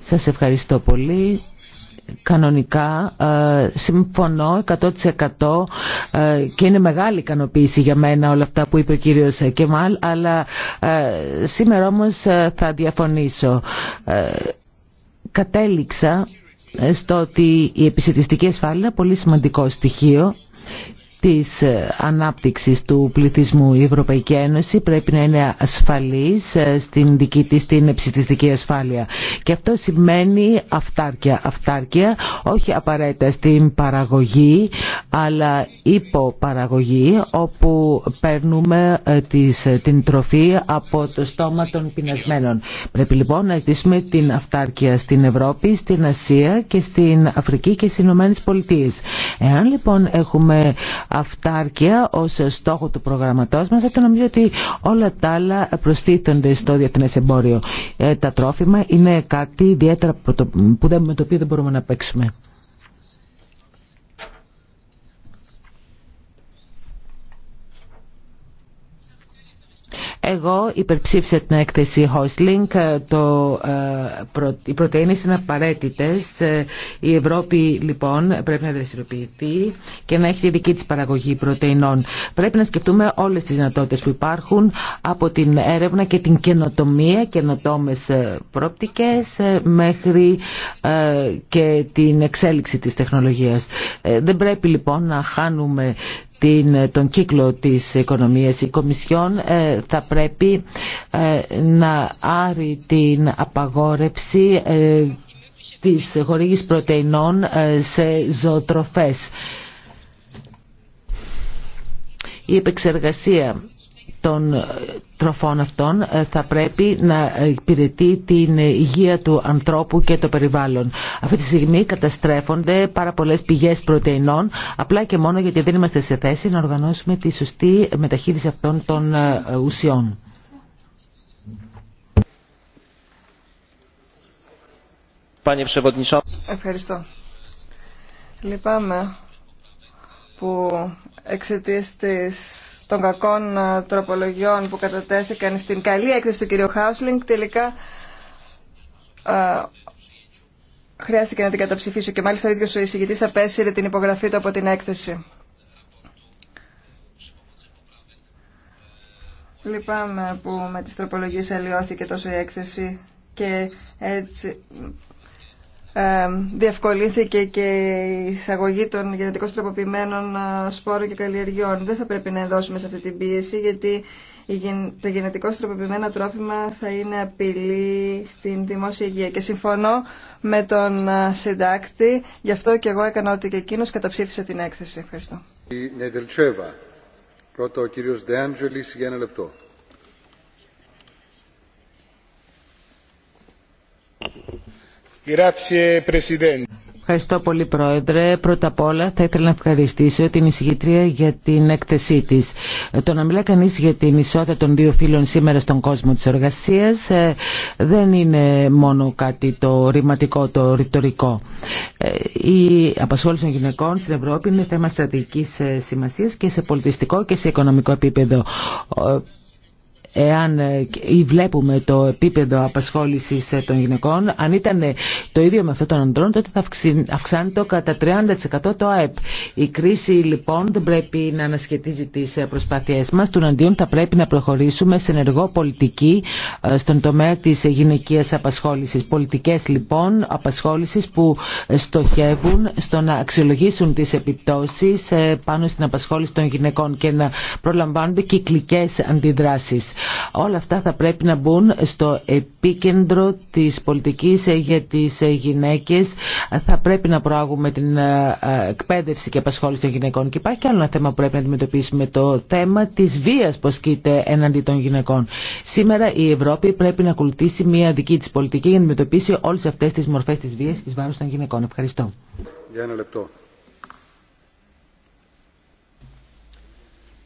Σας ευχαριστώ πολύ κανονικά ε, συμφωνώ 100% ε, και είναι μεγάλη ικανοποίηση για μένα όλα αυτά που είπε ο κύριος Κεμάλ αλλά ε, σήμερα όμως θα διαφωνήσω. Κατέληξα στο ότι η επισητιστική ασφάλεια είναι πολύ σημαντικό στοιχείο της ε, ανάπτυξης του πληθυσμού. Η Ευρωπαϊκή Ένωση πρέπει να είναι ασφαλής ε, στην δική της την ψηφιστική ασφάλεια. Και αυτό σημαίνει αυτάρκεια. Αυτάρκεια όχι απαραίτητα στην παραγωγή αλλά υποπαραγωγή όπου παίρνουμε ε, την τροφή από το στόμα των πεινασμένων. Πρέπει λοιπόν να ζητήσουμε την αυτάρκεια στην Ευρώπη, στην Ασία και στην Αφρική και στις Ηνωμένες Πολιτείες. Εάν λοιπόν έχουμε αυτάρκεια ως στόχο του προγραμματός μας, δεν νομίζω ότι όλα τα άλλα προστίθενται στο διεθνές εμπόριο. Ε, τα τρόφιμα είναι κάτι ιδιαίτερα που δεν, με το οποίο δεν μπορούμε να παίξουμε. Εγώ υπερψήφισα την έκθεση Hostlink ε, Το, ε, οι πρωτενε είναι απαραίτητε. Ε, η Ευρώπη λοιπόν πρέπει να δραστηριοποιηθεί και να έχει τη δική της παραγωγή πρωτεϊνών. Πρέπει να σκεφτούμε όλε τις δυνατότητε που υπάρχουν από την έρευνα και την καινοτομία, καινοτόμε πρόπτικες μέχρι και την εξέλιξη της τεχνολογίας. Δεν πρέπει λοιπόν να χάνουμε την, ε, τον κύκλο της οικονομίας. Η Κομισιόν ε, θα πρέπει ε, να άρει την απαγόρευση της χορήγης πρωτεϊνών σε ζωοτροφές. Η επεξεργασία των τροφών αυτών ε, θα πρέπει να υπηρετεί την υγεία του ανθρώπου και το περιβάλλον. Αυτή τη στιγμή καταστρέφονται πάρα πολλέ πηγέ πρωτεϊνών, απλά και μόνο γιατί δεν είμαστε σε θέση να οργανώσουμε τη σωστή μεταχείριση αυτών των ε, ουσιών. Ευχαριστώ. Λυπάμαι που εξαιτία της των κακών ε, τροπολογιών που κατατέθηκαν στην καλή έκθεση του κυρίου Χάουσλινγκ τελικά α, ε, χρειάστηκε να την καταψηφίσω και μάλιστα ο ίδιος ο εισηγητής απέσυρε την υπογραφή του από την έκθεση. Λυπάμαι που με τις τροπολογίες αλλοιώθηκε τόσο η έκθεση και έτσι ε, διευκολύνθηκε και η εισαγωγή των γενετικώς τροποποιημένων ε, σπόρων και καλλιεργιών. Δεν θα πρέπει να ενδώσουμε σε αυτή την πίεση γιατί τα γενετικώς τροποποιημένα τρόφιμα θα είναι απειλή στην δημόσια υγεία. Και συμφωνώ με τον ε, συντάκτη, γι' αυτό και εγώ έκανα ότι και εκείνος καταψήφισε την έκθεση. Ευχαριστώ. Πρώτα ο κύριος Ντεάντζελης για ένα λεπτό. Ευχαριστώ πολύ Πρόεδρε. Πρώτα απ' όλα θα ήθελα να ευχαριστήσω την εισηγητρία για την έκθεσή της. Το να μιλά κανείς για την ισότητα των δύο φίλων σήμερα στον κόσμο της εργασίας ε, δεν είναι μόνο κάτι το ρηματικό, το ρητορικό. Ε, η απασχόληση των γυναικών στην Ευρώπη είναι θέμα στρατηγικής ε, σημασίας και σε πολιτιστικό και σε οικονομικό επίπεδο εάν ε, βλέπουμε το επίπεδο απασχόλησης ε, των γυναικών, αν ήταν ε, το ίδιο με αυτό των ανδρών, τότε θα αυξάνει το κατά 30% το ΑΕΠ. Η κρίση λοιπόν δεν πρέπει να ανασχετίζει τις προσπάθειές μας, τουναντίον θα πρέπει να προχωρήσουμε σε ενεργό πολιτική στον τομέα της γυναικείας απασχόλησης. Πολιτικές λοιπόν απασχόλησης που στοχεύουν στο να αξιολογήσουν τις επιπτώσεις πάνω στην απασχόληση των γυναικών και να προλαμβάνονται κυκλικές αντιδράσεις. Όλα αυτά θα πρέπει να μπουν στο επίκεντρο της πολιτικής ε, για τις ε, γυναίκες. Θα πρέπει να προάγουμε την ε, εκπαίδευση και απασχόληση των γυναικών. Και υπάρχει και άλλο ένα θέμα που πρέπει να αντιμετωπίσουμε, το θέμα της βίας που ασκείται εναντί των γυναικών. Σήμερα η Ευρώπη πρέπει να ακολουθήσει μια δική της πολιτική για να αντιμετωπίσει όλες αυτές τις μορφές της βίας εις βάρος των γυναικών. Ευχαριστώ. Για ένα λεπτό.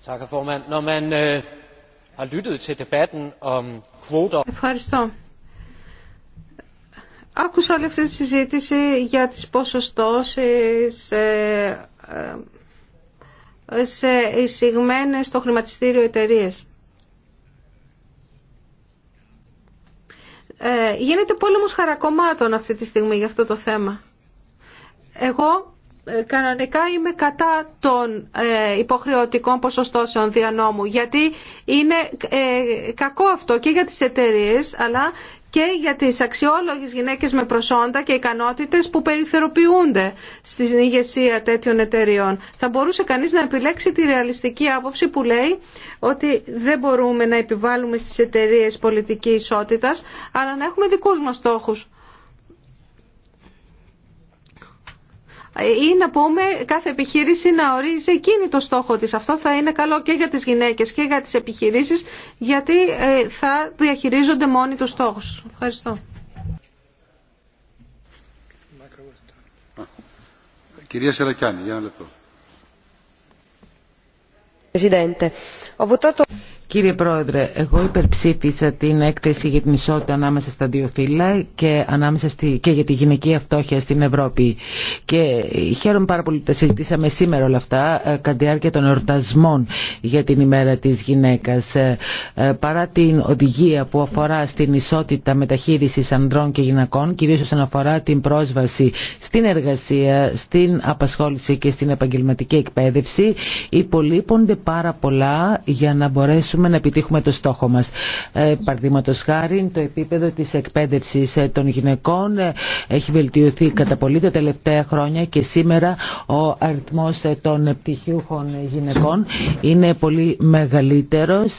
Tak, Når man Ευχαριστώ. Άκουσα όλη αυτή τη συζήτηση για τις ποσοστώσεις ε, ε, σε εισηγμένες στο χρηματιστήριο εταιρείε. Ε, γίνεται πόλεμος χαρακομμάτων αυτή τη στιγμή για αυτό το θέμα. Εγώ ε, κανονικά είμαι κατά των ε, υποχρεωτικών ποσοστώσεων διανόμου γιατί είναι ε, κακό αυτό και για τις εταιρείε, αλλά και για τις αξιόλογες γυναίκες με προσόντα και ικανότητες που περιθεροποιούνται στην ηγεσία τέτοιων εταιριών. Θα μπορούσε κανείς να επιλέξει τη ρεαλιστική άποψη που λέει ότι δεν μπορούμε να επιβάλλουμε στις εταιρείε πολιτική ισότητας, αλλά να έχουμε δικούς μας στόχους. ή να πούμε κάθε επιχείρηση να ορίζει εκείνη το στόχο της. Αυτό θα είναι καλό και για τις γυναίκες και για τις επιχειρήσεις γιατί ε, θα διαχειρίζονται μόνοι τους στόχους. Ευχαριστώ. Κυρία Σερακιάνη, για ένα λεπτό. Κύριε Πρόεδρε, εγώ υπερψήφισα την έκθεση για την ισότητα ανάμεσα στα δύο φύλλα και, ανάμεσα στη, και για τη γυναική αυτόχεια στην Ευρώπη. Και χαίρομαι πάρα πολύ που τα συζητήσαμε σήμερα όλα αυτά ε, κατά τη διάρκεια των εορτασμών για την ημέρα της γυναίκας. Ε, ε, παρά την οδηγία που αφορά στην ισότητα μεταχείρισης ανδρών και γυναικών, κυρίως όσον αφορά την πρόσβαση στην εργασία, στην απασχόληση και στην επαγγελματική εκπαίδευση, υπολείπονται πάρα πολλά για να μπορέσουμε με να επιτύχουμε το στόχο μας. Ε, Παραδείγματος χάρη, το επίπεδο της εκπαίδευσης ε, των γυναικών ε, έχει βελτιωθεί κατά πολύ τα τελευταία χρόνια και σήμερα ο αριθμός ε, των πτυχιούχων γυναικών είναι πολύ μεγαλύτερος.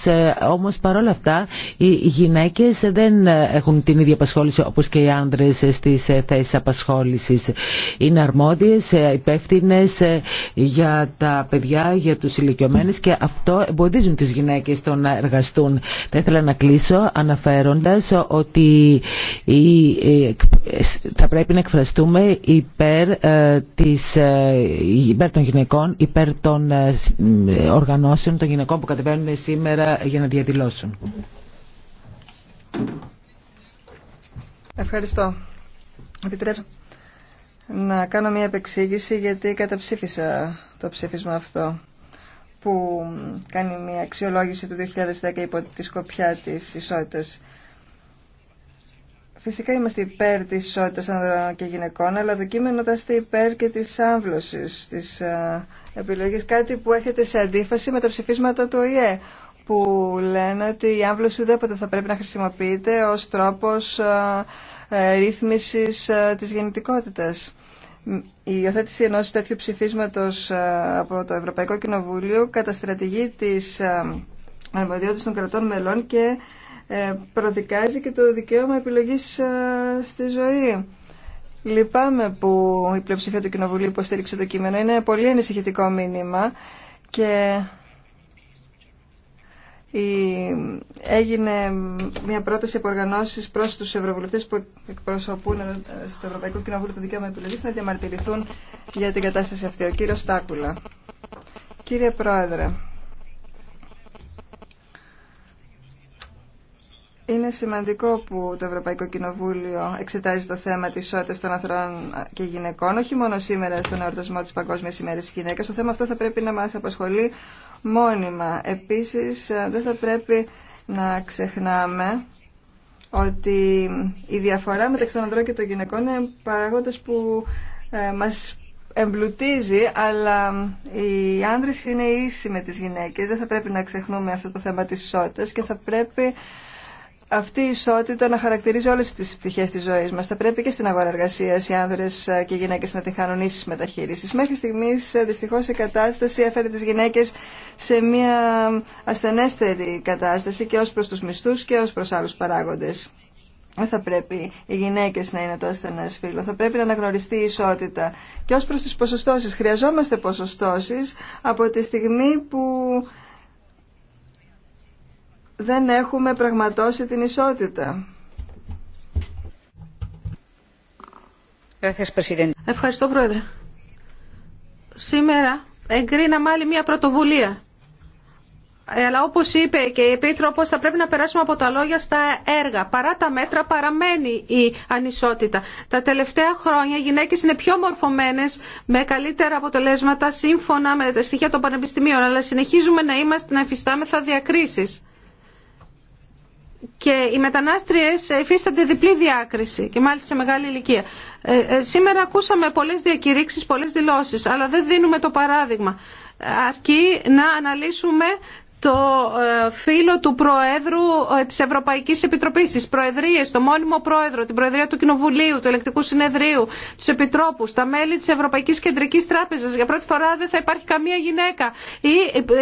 Όμως παρόλα αυτά οι γυναίκες δεν έχουν την ίδια απασχόληση όπως και οι άνδρες στις θέσεις απασχόλησης. Είναι αρμόδιες, υπεύθυνε για τα παιδιά, για τους ηλικιωμένους και αυτό εμποδίζουν τις γυναίκες να εργαστούν. Θα ήθελα να κλείσω αναφέροντας ότι θα πρέπει να εκφραστούμε υπέρ, ε, της, ε, υπέρ των γυναικών, υπέρ των ε, οργανώσεων των γυναικών που κατεβαίνουν σήμερα για να διαδηλώσουν. Ευχαριστώ. Επιτρέψτε να κάνω μια επεξήγηση γιατί καταψήφισα το ψήφισμα αυτό που κάνει μια αξιολόγηση του 2010 υπό τη σκοπιά της ισότητας. Φυσικά είμαστε υπέρ της ισότητας ανδρών και γυναικών, αλλά το είστε υπέρ και της άμβλωσης, της ε, επιλογής, κάτι που έρχεται σε αντίφαση με τα ψηφίσματα του ΟΗΕ, που λένε ότι η άμβλωση ουδέποτε θα πρέπει να χρησιμοποιείται ως τρόπος ε, ε, ρύθμισης της γεννητικότητας η υιοθέτηση ενό τέτοιου ψηφίσματος ε, από το Ευρωπαϊκό Κοινοβούλιο καταστρατηγεί τι ε, αρμοδιότητε των κρατών μελών και ε, προδικάζει και το δικαίωμα επιλογής στη ζωή. Λυπάμαι που η πλειοψηφία του Κοινοβουλίου υποστήριξε το κείμενο. Είναι πολύ ανησυχητικό μήνυμα και έγινε μια πρόταση από οργανώσει προ του ευρωβουλευτέ που εκπροσωπούν στο Ευρωπαϊκό Κοινοβούλιο το δικαίωμα επιλογή να διαμαρτυρηθούν για την κατάσταση αυτή. Ο κύριο Στάκουλα. Κύριε Πρόεδρε, είναι σημαντικό που το Ευρωπαϊκό Κοινοβούλιο εξετάζει το θέμα τη ισότητα των ανθρώπων και γυναικών, όχι μόνο σήμερα στον εορτασμό τη Παγκόσμια ημέρα τη γυναίκα. Το θέμα αυτό θα πρέπει να μα απασχολεί μόνιμα. Επίσης ε, δεν θα πρέπει να ξεχνάμε ότι η διαφορά μεταξύ των ανδρών και των γυναικών είναι παράγοντες που ε, μας εμπλουτίζει, αλλά οι άνδρες είναι ίσοι με τις γυναίκες. Δεν θα πρέπει να ξεχνούμε αυτό το θέμα της ισότητας και θα πρέπει αυτή η ισότητα να χαρακτηρίζει όλε τι πτυχέ τη ζωή μα. Θα πρέπει και στην αγορά εργασία οι άνδρες ε, και οι γυναίκε να την χάνουν ίση μεταχείριση. Μέχρι στιγμή, ε, δυστυχώ η κατάσταση έφερε τι γυναίκε σε μια ασθενέστερη κατάσταση και ω προ του μισθού και ω προ άλλου παράγοντε. Δεν θα πρέπει οι γυναίκε να είναι το ασθενέ φύλλο. Θα πρέπει να αναγνωριστεί η ισότητα. Και ω προ τι ποσοστώσει. Χρειαζόμαστε ποσοστώσει από τη στιγμή που δεν έχουμε πραγματώσει την ισότητα. Ευχαριστώ, Πρόεδρε. Σήμερα εγκρίναμε άλλη μια πρωτοβουλία. Ε, αλλά όπω είπε και η Επίτροπος θα πρέπει να περάσουμε από τα λόγια στα έργα. Παρά τα μέτρα παραμένει η ανισότητα. Τα τελευταία χρόνια οι γυναίκες είναι πιο μορφωμένες με καλύτερα αποτελέσματα σύμφωνα με τα στοιχεία των πανεπιστημίων. Αλλά συνεχίζουμε να είμαστε να εφιστάμεθα διακρίσει και οι μετανάστριες υφίστανται διπλή διάκριση και μάλιστα σε μεγάλη ηλικία. Ε, ε, σήμερα ακούσαμε πολλές διακηρύξεις, πολλές δηλώσεις, αλλά δεν δίνουμε το παράδειγμα. Αρκεί να αναλύσουμε το ε, φίλο του Προέδρου ε, της Ευρωπαϊκής Επιτροπής, τις Προεδρίες, το μόνιμο Πρόεδρο, την Προεδρία του Κοινοβουλίου, του Ελεκτικού Συνεδρίου, τους Επιτρόπους, τα μέλη της Ευρωπαϊκής Κεντρικής Τράπεζας. Για πρώτη φορά δεν θα υπάρχει καμία γυναίκα. Ή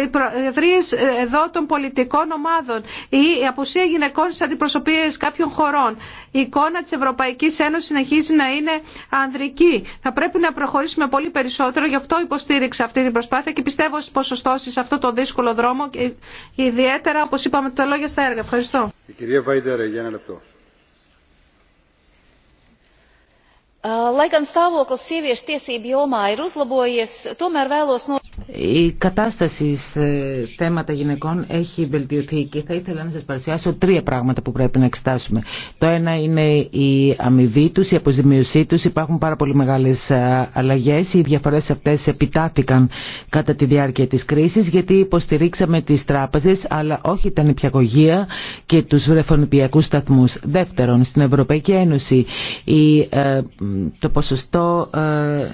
οι Προεδρίες ε, εδώ των πολιτικών ομάδων ή η απουσία γυναικών στις αντιπροσωπείες κάποιων χωρών. Η εικόνα της Ευρωπαϊκής Ένωσης συνεχίζει να είναι ανδρική. Θα πρέπει να προχωρήσουμε πολύ περισσότερο, γι' αυτό υποστήριξα αυτή την προσπάθεια και πιστεύω στις αντιπροσωπιες καποιων χωρων η εικονα της ευρωπαικης ενωσης συνεχιζει να ειναι ανδρικη θα πρεπει να προχωρησουμε πολυ περισσοτερο γι αυτο υποστηριξα αυτη την προσπαθεια και πιστευω στις ποσοστωσεις σε αυτό το δύσκολο δρόμο ιδιαίτερα, όπως είπαμε, τα λόγια στα έργα. Ευχαριστώ. Η κυρία Βαϊντέρα, για ένα λεπτό. Lai gan stāvoklis sieviešu tiesību jomā ir uzlabojies, tomēr vēlos no... Η κατάσταση σε θέματα γυναικών έχει βελτιωθεί και θα ήθελα να σας παρουσιάσω τρία πράγματα που πρέπει να εξετάσουμε. Το ένα είναι η αμοιβή τους, η αποζημίωσή τους. Υπάρχουν πάρα πολύ μεγάλες αλλαγές. Οι διαφορές αυτές επιτάθηκαν κατά τη διάρκεια της κρίσης γιατί υποστηρίξαμε τις τράπεζες αλλά όχι τα νηπιαγωγεία και τους βρεφονιπιακούς σταθμούς. Δεύτερον, στην Ευρωπαϊκή Ένωση ε, το ποσοστό ε,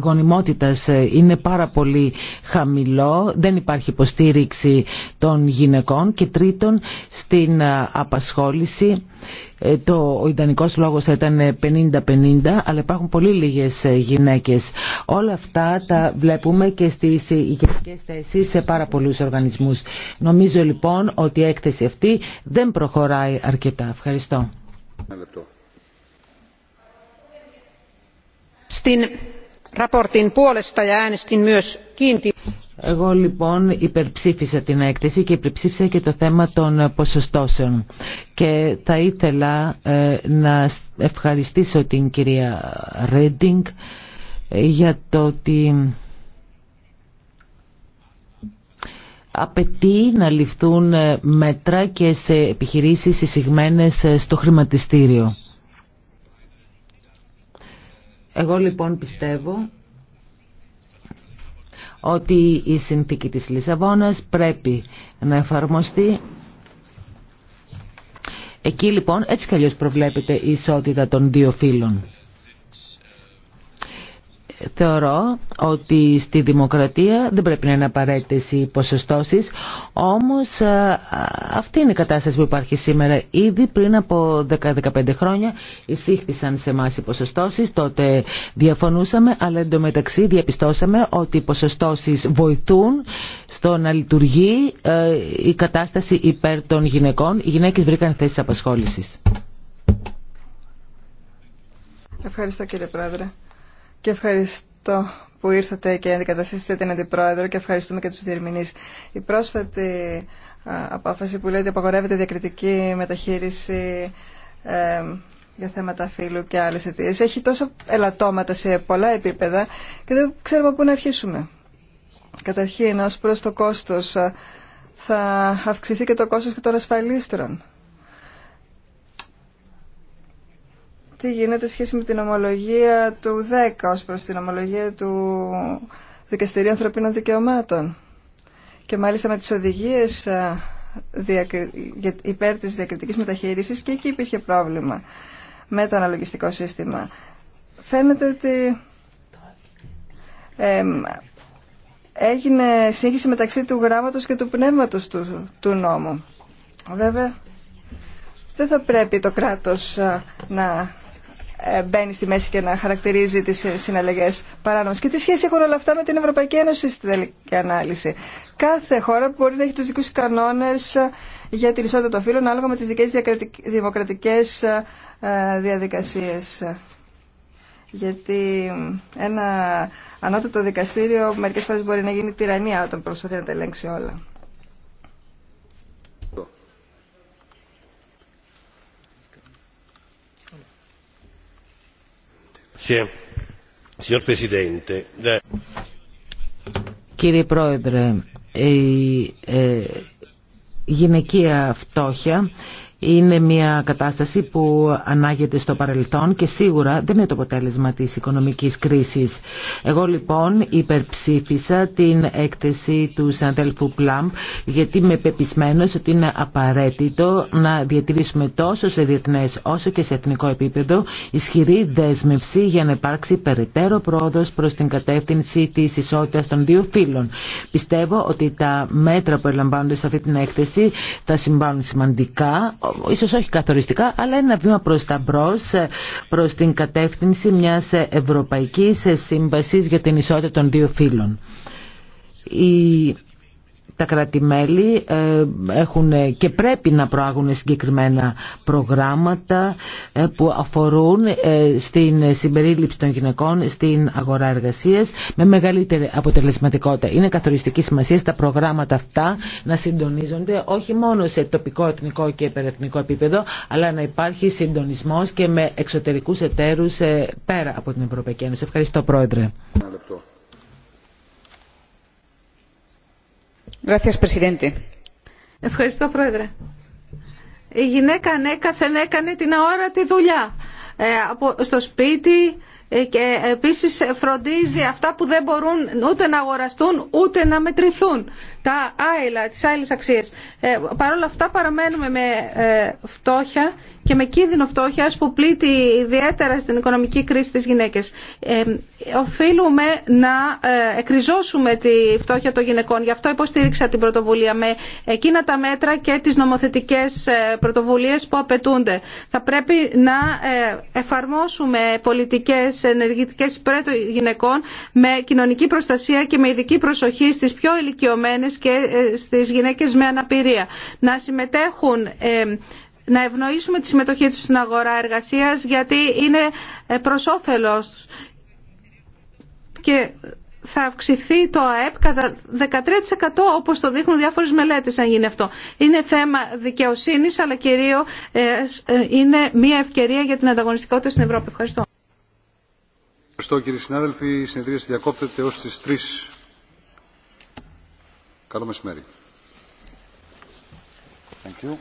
γονιμότητας ε, είναι πάρα πολύ χαμηλό, δεν υπάρχει υποστήριξη των γυναικών και τρίτον στην ε, απασχόληση ε, το, ο ιδανικός λόγος θα ήταν 50-50 αλλά υπάρχουν πολύ λίγες γυναίκες. Όλα αυτά τα βλέπουμε και στις ηγετικές θέσει σε πάρα πολλούς οργανισμούς. Νομίζω λοιπόν ότι η έκθεση αυτή δεν προχωράει αρκετά. Ευχαριστώ. Εγώ λοιπόν υπερψήφισα την έκθεση και υπερψήφισα και το θέμα των ποσοστώσεων. Και θα ήθελα ε, να ευχαριστήσω την κυρία Ρέντινγκ ε, για το ότι απαιτεί να ληφθούν ε, μέτρα και σε επιχειρήσεις εισηγμένες στο χρηματιστήριο. Εγώ λοιπόν πιστεύω ότι η συνθήκη της Λισαβόνας πρέπει να εφαρμοστεί Εκεί λοιπόν έτσι καλώς προβλέπεται η ισότητα των δύο φύλων. Θεωρώ ότι στη δημοκρατία δεν πρέπει να είναι απαραίτητε οι ποσοστώσει, όμω αυτή είναι η κατάσταση που υπάρχει σήμερα. Ήδη πριν από 10-15 χρόνια εισήχθησαν σε εμά οι ποσοστώσει, τότε διαφωνούσαμε, αλλά εντωμεταξύ διαπιστώσαμε ότι οι ποσοστώσει βοηθούν στο να λειτουργεί ε, η κατάσταση υπέρ των γυναικών. Οι γυναίκε βρήκαν θέσει απασχόληση. Ευχαριστώ κύριε Πρόεδρε. Και ευχαριστώ που ήρθατε και αντικαταστήσετε την Αντιπρόεδρο και ευχαριστούμε και τους διερμηνείς. Η πρόσφατη απόφαση που λέει ότι απαγορεύεται διακριτική μεταχείριση ε, για θέματα φύλου και άλλες αιτίε. έχει τόσα ελαττώματα σε πολλά επίπεδα και δεν ξέρουμε πού να αρχίσουμε. Καταρχήν, ως προς το κόστος, θα αυξηθεί και το κόστος και των ασφαλίστρων. τι γίνεται σχέση με την ομολογία του 10 ως προς την ομολογία του Δικαστηρίου Ανθρωπίνων Δικαιωμάτων. Και μάλιστα με τις οδηγίες ε, υπέρ της διακριτικής μεταχείρισης και εκεί υπήρχε πρόβλημα με το αναλογιστικό σύστημα. Φαίνεται ότι έγινε σύγχυση μεταξύ του γράμματος και του πνεύματος του, του νόμου. Βέβαια, δεν θα πρέπει το κράτος ε, να ε, μπαίνει στη μέση και να χαρακτηρίζει τι συναλλαγέ παράνομε. Και τι σχέση έχουν όλα αυτά με την Ευρωπαϊκή Ένωση στη τελική ανάλυση. Κάθε χώρα μπορεί να έχει του δικού κανόνε ε, για την ισότητα των φύλων ανάλογα με τι δικέ δημοκρατικέ ε, διαδικασίε. Γιατί ένα ανώτατο δικαστήριο μερικέ φορέ μπορεί να γίνει τυραννία όταν προσπαθεί να τα ελέγξει όλα. Eh, Κύριε Πρόεδρε, η ε, γυναικεία φτώχεια είναι μια κατάσταση που ανάγεται στο παρελθόν και σίγουρα δεν είναι το αποτέλεσμα της οικονομικής κρίσης. Εγώ λοιπόν υπερψήφισα την έκθεση του συναδέλφου Πλάμπ γιατί είμαι πεπισμένος ότι είναι απαραίτητο να διατηρήσουμε τόσο σε διεθνές όσο και σε εθνικό επίπεδο ισχυρή δέσμευση για να υπάρξει περαιτέρω πρόοδος προς την κατεύθυνση της ισότητας των δύο φύλων. Πιστεύω ότι τα μέτρα που ελαμβάνονται σε αυτή την έκθεση θα συμβάλλουν σημαντικά ίσως όχι καθοριστικά, αλλά ένα βήμα προς τα μπρος, ε, προς την κατεύθυνση μιας Ευρωπαϊκής Σύμβασης για την Ισότητα των Δύο Φύλων. Η τα κράτη-μέλη ε, έχουν και πρέπει να προάγουν συγκεκριμένα προγράμματα ε, που αφορούν ε, στην συμπερίληψη των γυναικών στην αγορά εργασίας με μεγαλύτερη αποτελεσματικότητα. Είναι καθοριστική σημασία στα προγράμματα αυτά να συντονίζονται όχι μόνο σε τοπικό, εθνικό και υπερεθνικό επίπεδο αλλά να υπάρχει συντονισμός και με εξωτερικούς εταίρους πέρα από την Ευρωπαϊκή Ένωση. Ευχαριστώ Πρόεδρε. Ευχαριστώ, Πρόεδρε. Η γυναίκα ανέκαθεν έκανε την αόρατη δουλειά ε, στο σπίτι ε, και επίσης φροντίζει αυτά που δεν μπορούν ούτε να αγοραστούν ούτε να μετρηθούν τα άειλα, τις άειλες αξίες. Ε, Παρ' όλα αυτά παραμένουμε με ε, φτώχεια και με κίνδυνο φτώχεια που πλήττει ιδιαίτερα στην οικονομική κρίση τις γυναίκες. Ε, οφείλουμε να ε, εκριζώσουμε τη φτώχεια των γυναικών. Γι' αυτό υποστήριξα την πρωτοβουλία με εκείνα τα μέτρα και τις νομοθετικές ε, πρωτοβουλίες που απαιτούνται. Θα πρέπει να εφαρμόσουμε πολιτικές ενεργητικές των γυναικών με κοινωνική προστασία και με ειδική προσοχή στις πιο ηλικιωμένες και ε, στις γυναίκες με αναπηρία. Να συμμετέχουν ε, να ευνοήσουμε τη συμμετοχή τους στην αγορά εργασίας γιατί είναι ε, προς όφελος Και θα αυξηθεί το ΑΕΠ κατά 13% όπως το δείχνουν διάφορες μελέτες αν γίνει αυτό. Είναι θέμα δικαιοσύνης αλλά κυρίως είναι μια ευκαιρία για την ανταγωνιστικότητα στην Ευρώπη. Ευχαριστώ. Ευχαριστώ κύριε συνάδελφοι. Η συνεδρία διακόπτεται ως τις 3. Καλό μεσημέρι. Thank